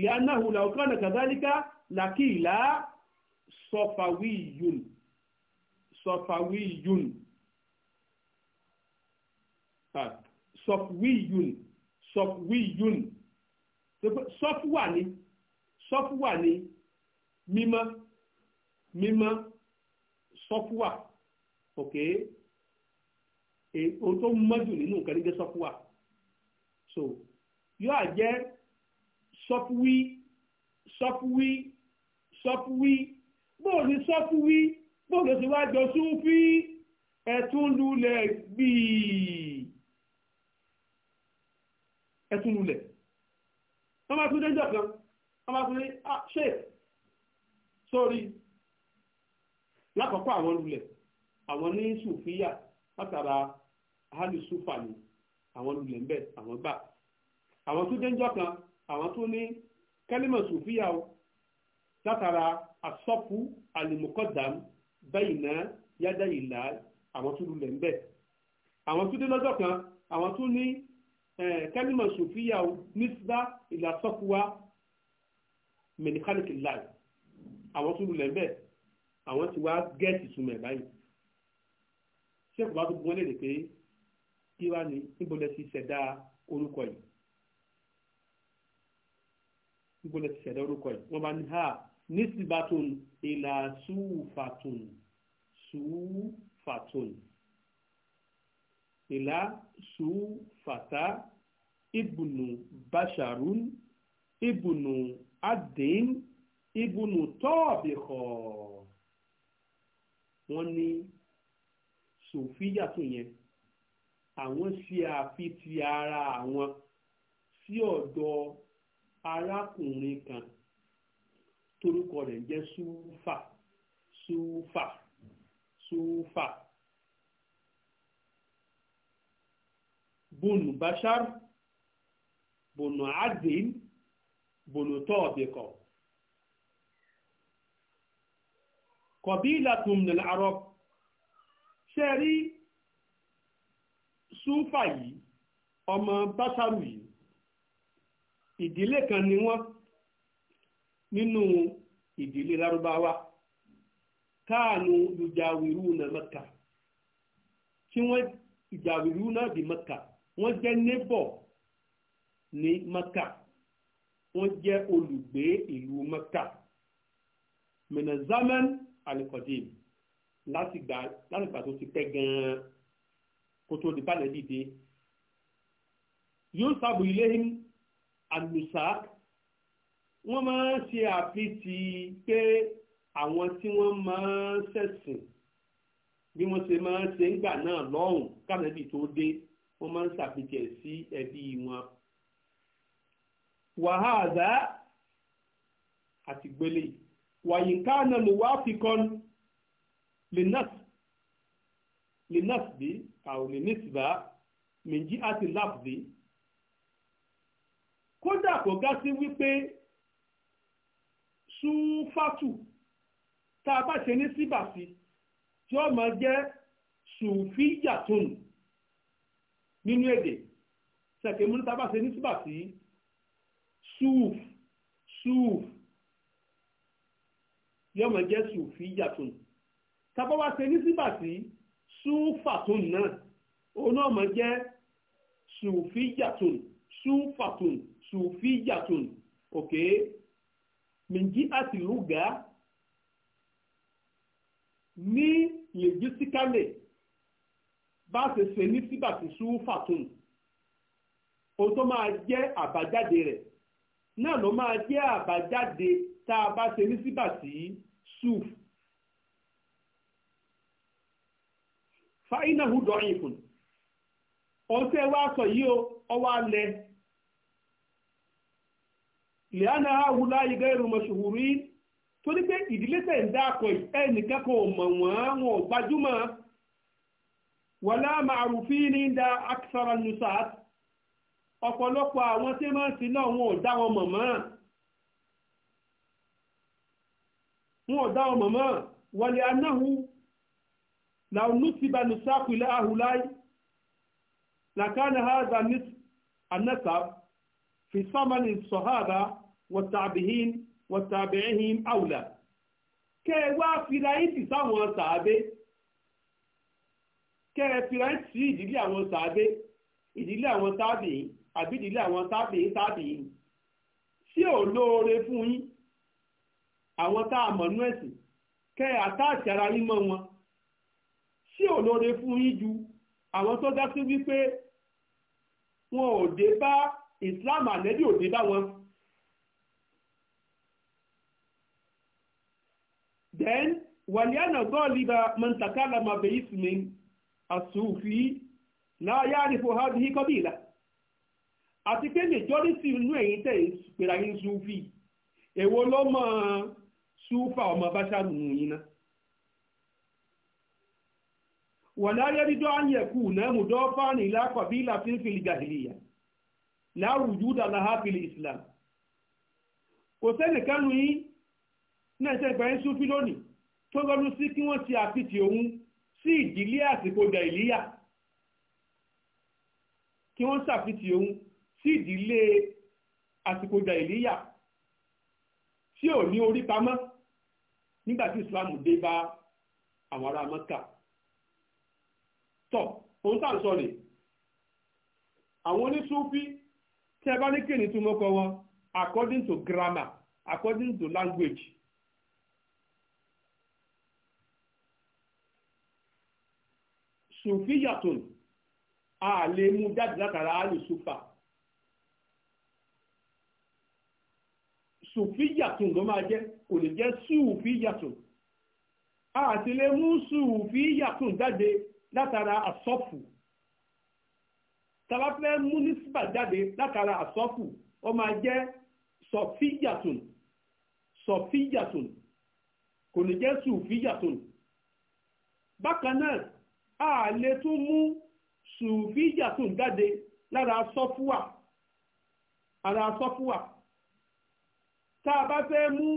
ìyánáhùn làwọn kan náà kàdálíkà làkìlá sọfàwíyùn sọfàwíyùn sọfwíyùn sọfwíyùn sọfwà ni sọfwà ni mímọ́ mímọ́ sọ́fúà òkè e, ohun tó mọ́jù nínú nǹkan ní jẹ́ sọ́fúà so yóò jẹ́ sọ́fúwí sọ́fúwí sọ́fúwí bóò ní sọ́fúwí bóò ló ti wá jọ súnfí ẹ̀tún lulẹ̀ gbìí ẹ̀tún lulẹ̀ wọ́n máa tún dé jọ̀ kan wọ́n máa tún dé ah ṣe sórí lákọ̀ọ́kọ́ àwọn lulẹ̀ àwọn ní sùfíyà látara hálù sùfà ni àwọn lulẹ̀ ń bẹ̀ àwọn gbà àwọn tó dénjọ́ kan àwọn tó ní kẹ́límà sùfíyà o látara asọ́fù alimokọ́dàm bẹ́yìnà yádá ìlà àwọn tó lulẹ̀ ń bẹ̀ àwọn tó dé lọ́jọ́ kan àwọn tó ní kẹ́límà sùfíyà o nísbà ìlà wa mẹ̀nìkánìkì láì àwọn tó lulẹ̀ bẹ́ẹ̀ àwọn ti wá gẹ́ẹ̀tì túmọ̀ ẹ̀ báyìí ṣé kò bá tó gbọ́n léde pé kí wá ní níbo lẹ ti ṣẹ̀dá orúkọ yìí níbo lẹ ti ṣẹ̀dá orúkọ yìí wọ́n bá ní ha nísìbàtún ìlà sùúfàtún sùúfàtún ìlà sùúfàtà ibùnú basharun ibùnú adéhìn ibùnú tọ́ọ̀bì kọ̀ wọ́n ní sòfíà tó yẹn àwọn ṣe àfitì ara àwọn sí ọ̀dọ̀ arákùnrin kan torúkọ rẹ̀ jẹ́ súfà súfà súfà bùnú bashar bùnú adin bùnú tọ́ọ̀bì kọ̀. qabilatun min al-arab ṣe rí súfà yìí ọmọ báṣárù yìí ìdílé kan ni wọ́n nínú ìdílé lárúbáwá káànù ìjàwìrú náà mẹ́ka tí wọ́n ìjàwìrú náà di mẹ́ka wọ́n jẹ́ nébọ̀ ní mẹ́ka wọ́n jẹ́ olùgbé ìlú mẹ́ka mẹ́nà zaman alikodim látìgbà látìgbà tó ti pẹ́ gan-an kó tó di pálẹ̀ dìde yóò sábò ilé àlùsá wọ́n máa ń ṣe àfitì pé àwọn tí wọ́n máa ń ṣẹ̀sìn bí wọ́n ṣe máa ń ṣe ńgbà náà lọ́hùn kábẹ́bí tó dé wọ́n máa ń ṣàfitì sí ẹbí wọn. wàhálà àti yìí وإن كان موافقا للنصب للنصب أو للنسبة من جهة اللفظ kódà kò gá sí wípé ṣúfàtù tá a bá ṣe ní síbàsí tí ó máa jẹ́ ṣùfíyàtún nínú èdè ṣàkèmú tá a bá ṣe ní síbàsí ṣùf ṣùf yóò máa jẹ́ sùfíyà tó nù tàbá wá ṣe ní sígbà tí súfà tó nù náà òun náà máa jẹ́ sùfíyà tó nù súfà tó nù sùfíyà tó nù òkè mìjí àti lùgà ní lẹ́gísíkálẹ̀ bá ṣe ṣe ní sígbà tí súfà tó máa jẹ́ àbájáde rẹ̀ náà ló máa jẹ́ àbájáde tá a bá ṣe ní sígbà tí. suuf fa inahu daifun o se wa so yi o o wa le li ana ha hu la yigairu mashhurin tori pe idile se nda ko e ni ka ko mo won o gbajuma wala ma'rufin inda aksara an-nusat ọpọlọpọ awọn tí wọn ti náà wọn ò wọn ò ọmọ wọlé anáhu làwọn nùtìbà nùsàkù ilẹ̀ ahùláì fi sámánì sọ̀hábà wọ̀tàbíhìn wọ̀tàbíhìn àwùlà kẹwàá fìlà ìtì sáwọn sàábé kẹrẹ fìlà sí ìdílé àwọn sàábé ìdílé àwọn tábìyìn àbí ìdílé àwọn tábìyìn tábìyìn fún yín àwọn tá a mọ̀ nú ẹ̀sìn kẹ́ ẹ̀ àtàtì ara yín mọ́ wọn sí olóore fún yín ju àwọn tó dá wípé wọn ò dé bá islam ànẹ́bí ò dé bá wọn. then wàlíànà gọ́ọ̀lìbà mọ̀ntàkàlà màbẹ̀yìsìmì àsùnfì náà yáàrí fún hábíyí kọ́bìlà àti pé majority inú ẹ̀yìn tẹ̀ pèrè ayé sùnfì èwo ló mọ̀ ọ́n. ṣúfà ọmọ báṣárù nù yín ná wàláyé dídọ́ àyẹ̀kù náà mùdọ́fáàní lákọ̀bí láfin fìlì gàhìlìyà láwùjú dàláhà fìlì islam kò sẹ́nìkanu yín náà ṣe ìgbàyẹn ṣúfì lónìí tó gbọ́dún sí kí wọ́n ti àfitì òun sí ìdílé àsìkò gàhìlìyà kí wọ́n ṣàfitì òun sí ìdílé àsìkò gàhìlìyà tí ò ní orí pamọ́ nígbà tí islam dé bá àwọn ará mọ́kà tọ́ òun tá à ń sọ rè àwọn oníṣúfí tí ẹ bá ní kéènì tó mọ́kọ wọn according to grammar according to language sùfíyàtùn a lè mú jáde látara alùsùfà. sùfíyàtùn ló máa jẹ́ kò lè jẹ́ sùfíyàtùn àti lè mú sùfíyàtùn jáde látara àsọ́fù tàbá fẹ́ mú nísìbà jáde látara àsọ́fù ó máa jẹ́ sọ̀fíyàtùn sọ̀fíyàtùn kò lè jẹ́ sùfíyàtùn bákan náà a lè tún mú sùfíyàtùn jáde lára sọ́fúà ara sọ́fúà. tá a bá fẹ́ mú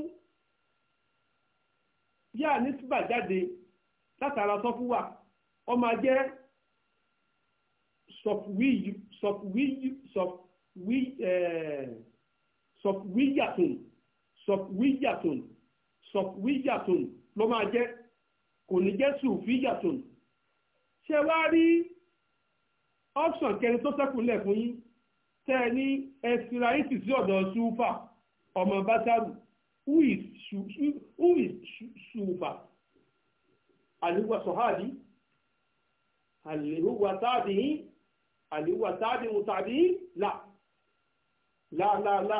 yá nísìbà jáde látara sọ́fúwà ó máa jẹ́ eh, sọ̀fúwíyàtùn sọ̀fúwíyàtùn sọ̀fúwíyàtùn ló máa jẹ́ kò ní jẹ́ sùfíyàtùn ṣe wá rí option kẹrin tó sẹ́kùnlẹ̀ fún yín tẹ́ ẹ ní ẹ̀sìnráìtì sí ọ̀dọ̀ sùfà. ọmọ báṣárù who is who is ṣùfà àlùwà sọ̀háàbí àlùwà táàbì àlùwà táàbì mùtàbí là láàláàlá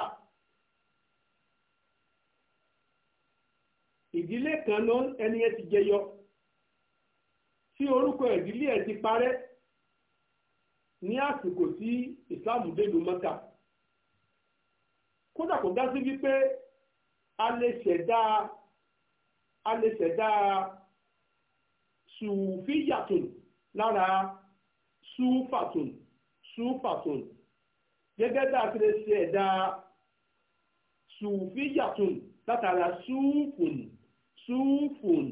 ìdílé kan ló ẹni ẹ ti jẹyọ tí orúkọ ìdílé ẹ ti parẹ́ ní àsìkò tí ìsìláàmù dé ìlú Mẹ́kà kódà kò dá sí wípé a lè ṣẹ̀dá a lè ṣẹ̀dá sùfíyàtùn lára sùfàtùn sùfàtùn gẹ́gẹ́ bá a ti lè ṣẹ̀dá sùfíyàtùn látara sùfùn sùfùn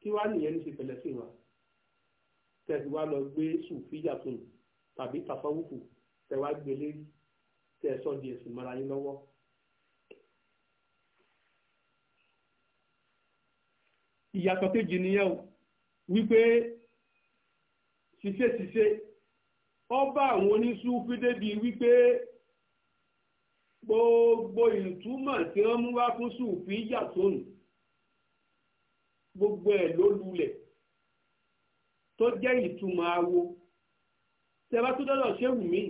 kí wá nìyẹn ní ṣe pẹ̀lẹ́ sí wa tẹ̀síwá lọ gbé sùfíyàtùn tàbí tàfáwùfù tẹ wá gbélé tẹ sọ di èsì mọ́ra yín lọ́wọ́. ìyàtọ̀ kejì nìyẹn o wípé ṣiṣẹ́ ṣiṣẹ́ ọba àwọn oníṣúfí débi wípé gbogbo ìtumọ̀ tí wọ́n mú wá fún ṣùfí yàtọ̀ nù gbogbo ẹ̀ ló lulẹ̀ tó jẹ́ ìtumọ̀ awo tẹ́lá tó dọ́dọ̀ ṣéwù míì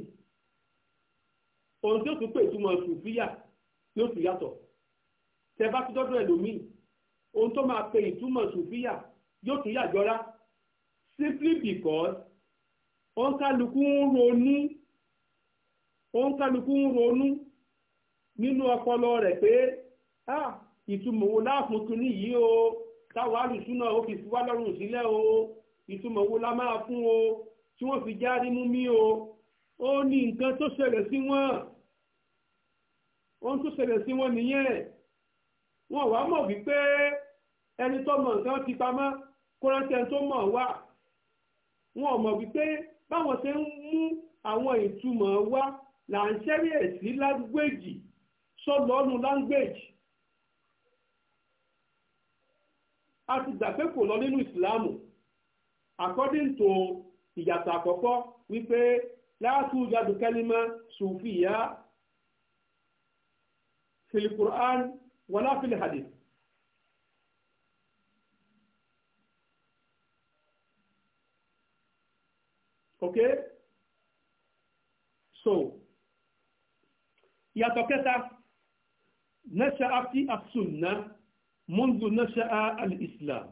ohun tí ó tún pè túmọ̀ sùfíyà yóò tún yàtọ̀ tẹ bá tún dọ́dọ̀ ẹlòmíì ohun tó máa pe ìtúmọ̀ sùfíyà yóò tún yàjọra simply because òǹkàlùkù ń ronú òǹkàlùkù ń ronú nínú ọpọlọ rẹ̀ pé ah ìtumọ̀ wo láàfún kínní yìí o táwọn alùsúná ó fi wá lọ́rùn sílẹ̀ o ìtumọ̀ wo la máa fún o tí wọ́n fi járí mú mi o ó ní nǹkan tó ṣẹlẹ̀ sí wọn ohun tó ṣẹlẹ̀ sí wọn nìyẹn wọn wá mọ̀ wípé ẹni tó mọ̀ nǹkan ti pamọ́ kó rántí ẹni tó mọ̀ wá wọn ò mọ̀ wípé báwọn ṣe ń mú àwọn ìtumọ̀ wá là ń ṣẹ́rí ẹ̀ sí láńgbèjì sọ́lọ́ọ̀nù láńgbèjì a ti gbà pé kò lọ nínú ìsìláàmù according to ìyàtọ̀ àkọ́kọ́ wípé láàtú jadùkẹ́límà sùfìyà في القرآن ولا في الحديث Okay? So, yàtọ̀ kẹta nasha'a fi as-sunnah منذ نشأ الإسلام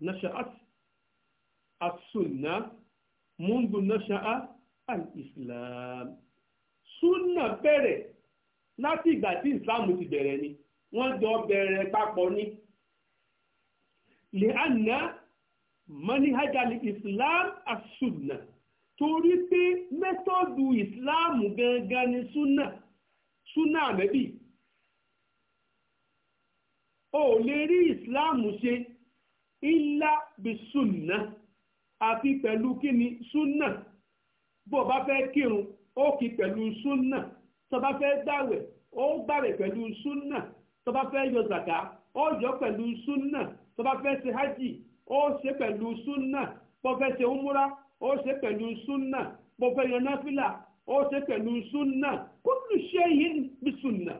نشأت السنة منذ نشأ الإسلام سنة bẹ̀rẹ̀ láti ìgbà tí islam ti bẹ̀rẹ̀ ni wọ́n jọ bẹ̀rẹ̀ papọ̀ ni lẹ́hànà mọ́níhájálì islam asúnà torí pé mẹ́tọ́dù islam gangan ni súnà súnà àmẹ́bí o lè rí islam ṣe ilá bí súnà àfi pẹ̀lú kíni súnà bó bá fẹ́ kírun ó kí pẹ̀lú súnà tó bá fẹ́ gbàwẹ̀ ó gbàwẹ̀ pẹ̀lú súnà tó bá fẹ́ yọ zàkà ó yọ pẹ̀lú súnà tó bá fẹ́ ṣe hajj ó ṣe pẹ̀lú súnà bó fẹ́ ṣe umura ó ṣe pẹ̀lú súnà bó fẹ́ yọ náfìlà ó ṣe pẹ̀lú súnà kullu shay'in bi súnà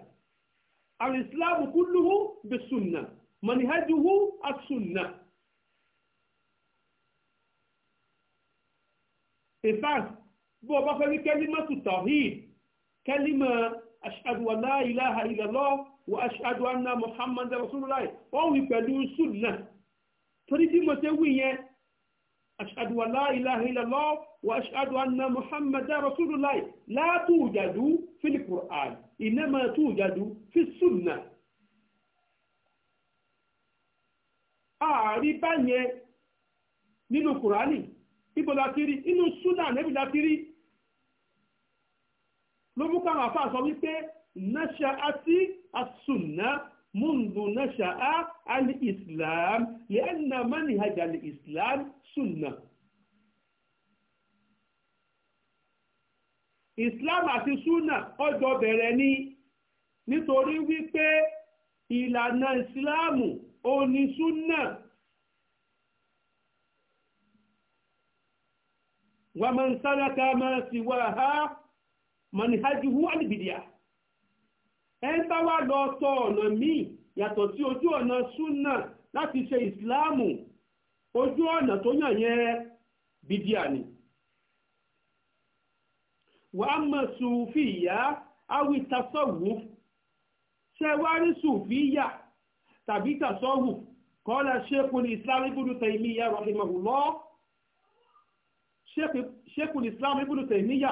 al-islamu kulluhu bi súnà manhajuhu as-súnà. in fact bó o bá fẹ́ wí kẹ́lí mọ́tò tọ̀hìn kẹ́límà ashadu an la ilaha illallah wa ashadu anna muhammad rasulullah wọ́n wí pẹ̀lú sunna torí bí mo ṣe wí yẹn ashadu an la ilaha illallah wa ashadu anna muhammad rasulullah la tujadu fil qur'an innama tujadu fi sunna ààrí báyẹn nínú kùránì ibo la inú súnà nẹ́bí la ti ló mú káwọn àfáà sọ wípé nasha ati asunna mundu nasha a ali islam lè ẹnna mani hajj ali islam sunna. islam àti sunna ọjọ́ bẹ̀rẹ̀ ni nítorí wípé ìlànà ìsìláàmù òní súnà wàmọ̀nsálàkà máa sì wà á mọ̀nìhájúhú àlìbìdíà ẹn bá wá lọ tọ ọ̀nà míì yàtọ̀ sí ojú ọ̀nà súnà láti ṣe ìsìláàmù ojú ọ̀nà tó yàn yẹn bìdíà ni wàá mọ̀ sùfìyà awi tasawuf ṣe wá rí sùfìyà tàbí tasawuf kọ́lá ṣékùn islam ibùdó tẹ̀míyà rahimahullah ṣékùn islam ibùdó tẹ̀míyà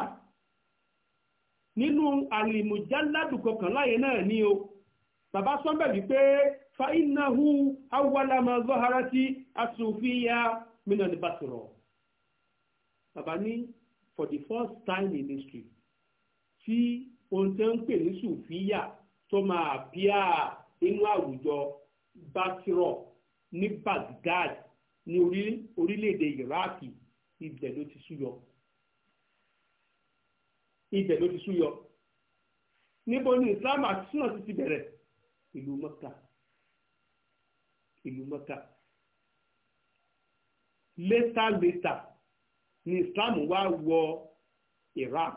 nínú àlìmùjáládù kọkànlá yẹn náà ní o bàbá sọ́nbẹ̀ wípé fa innahu awwala ma zaharati asòfíà minal basra bàbá ní for the first time in history tí ohun tí ń pè ní sòfíà tó máa bíà inú àwùjọ basra ní Baghdad ní orílẹ̀-èdè Iraki ibẹ̀ ló ti súyọ. ibẹ̀ ló ti súyọ níbo ni islam àti súnà ti ti bẹ̀rẹ̀ ìlú mọ́kà ìlú mọ́kà létà létà ni islam wá wọ iraq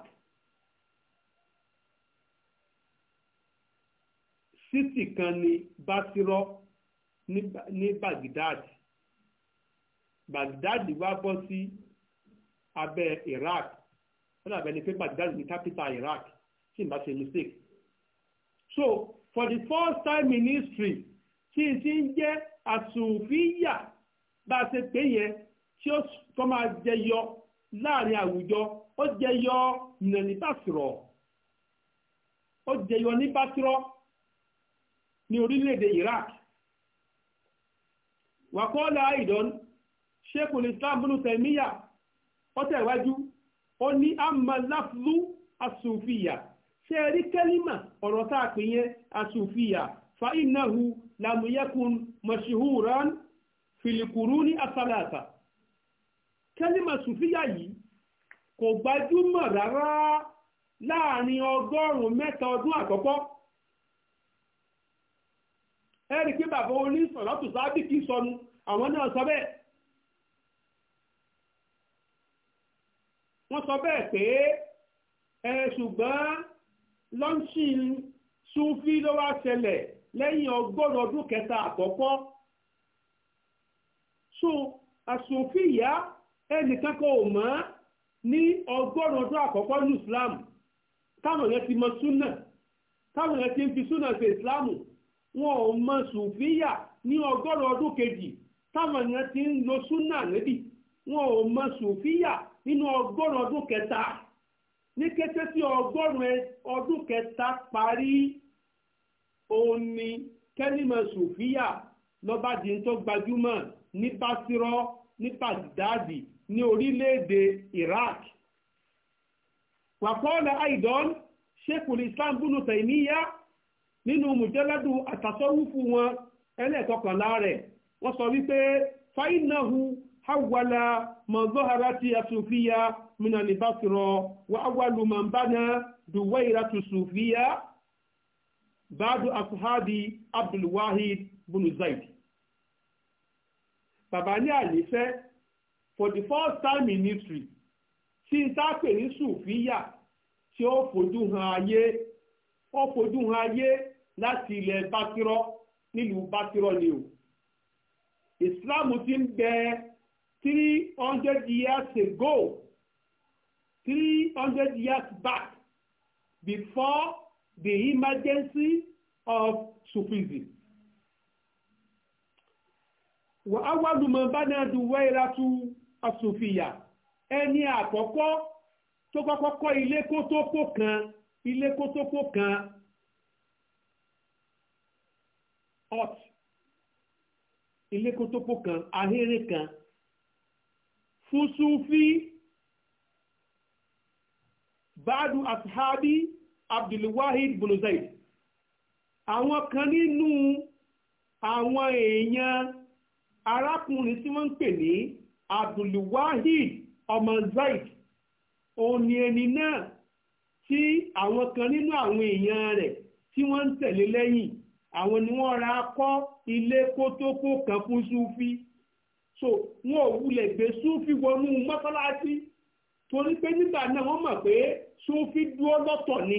sítì kan ni básírọ́ ní baghdad baghdad wá bọ́ sí abẹ́ iraq ó dàbẹ̀ ni pépà that is the capital Iraq tí n bá ṣe mistake so for the first time in history tí n ti ń jẹ́ àsùnfíyà bá a ṣe pé yẹn tí ó tó máa jẹyọ láàrin àwùjọ ó jẹyọ nìyẹn ní bàtìrọ̀ ó jẹyọ ní bàtìrọ̀ ní orílẹ̀-èdè Iraq wàkọ́ọ́lá ìdán ṣékùn Islam bínú tẹ̀míyà ó tẹ̀wájú ó ní amalaflu asufiya ṣe rí kẹ́límà ọ̀rọ̀ tá a pè yẹn asufiya fa innahu lam yakun mashuhuran filikuruni asalata kẹ́límà sufiya yìí kò gbajúmọ̀ rárá láàrin ọgọ́rùn-ún mẹ́ta ọdún àkọ́kọ́ ẹ̀rí pé bàbá onísọ̀rọ̀ tó kí sọnù àwọn náà sọ bẹ́ẹ̀ wọ́n sọ bẹ́ẹ̀ pé ẹ ṣùgbọ́n lọ́ńṣìn sufi ló wá ṣẹlẹ̀ lẹ́yìn ọgọ́rùn ọdún kẹta àkọ́kọ́ so àsòfìyà ẹnìkan kan ò mọ̀ ní ọgọ́rùn ọdún àkọ́kọ́ ní Islam táwọn yẹn ti mọ súnà táwọn yẹn ti fi súnà ṣe Islam wọn ò mọ sòfìyà ní ọgọ́rùn ọdún kejì táwọn yẹn ti ń lo súnà níbi wọn ò mọ sòfìyà nínú ọgọ́rùn ọdún kẹta ní kété sí ọgọ́rùn ọdún kẹta parí òun ni kẹ́límà sòfíà lọ́ba di tó gbajúmọ̀ ní basirọ ní baghdadi ní orílẹ̀-èdè iraq wàkọ́ọ̀lẹ̀ aidan sheikul islam bunu taimiya nínú mùjẹ́lẹ́dù àtàsọ́wúfù wọn ẹlẹ́ẹ̀kọkànlá rẹ̀ wọ́n sọ wípé fainahu حول ما ظهرت الصوفية من البصرة وأول من بنى دويرة الصوفية بعد أصحاب عبد الواحد بن زيد Bàbá ní àlefẹ́ for the first time in history tí ìtàpè ní sùfíyà tí ó fojú hàn ayé ó fojú hàn ayé láti ilẹ̀ bákírọ́ nílùú bákírọ́ ni o Ìsìláàmù ti ń bẹ three hundred years ago three hundred years back before the emergency of Sufism. wà á wá lùmọ̀ bá náà du wẹ́ẹ̀rẹ́tù àsòfìyà ẹni àkọ́kọ́ tó kọ́kọ́ kọ́ ilé kótópó kan ilé kótópó kan ọ̀t ilé kótópó kan ahéré kan. Fusufi súfí báàdù ashabi abdulwahid bunuzaid àwọn kan nínú àwọn èèyàn arákùnrin tí wọ́n ń pè ní abdulwahid ọmọ zaid òun ni ẹni náà tí àwọn kan nínú àwọn èèyàn rẹ̀ tí wọ́n ń tẹ̀lé lẹ́yìn àwọn ni wọ́n ra kọ́ ilé kótókó kan fún so wọn ò wulẹ̀ gbé súfì wọnú mọ́sálásí torí pé nígbà náà wọ́n mọ̀ pé súfì dúró lọ́tọ̀ ni.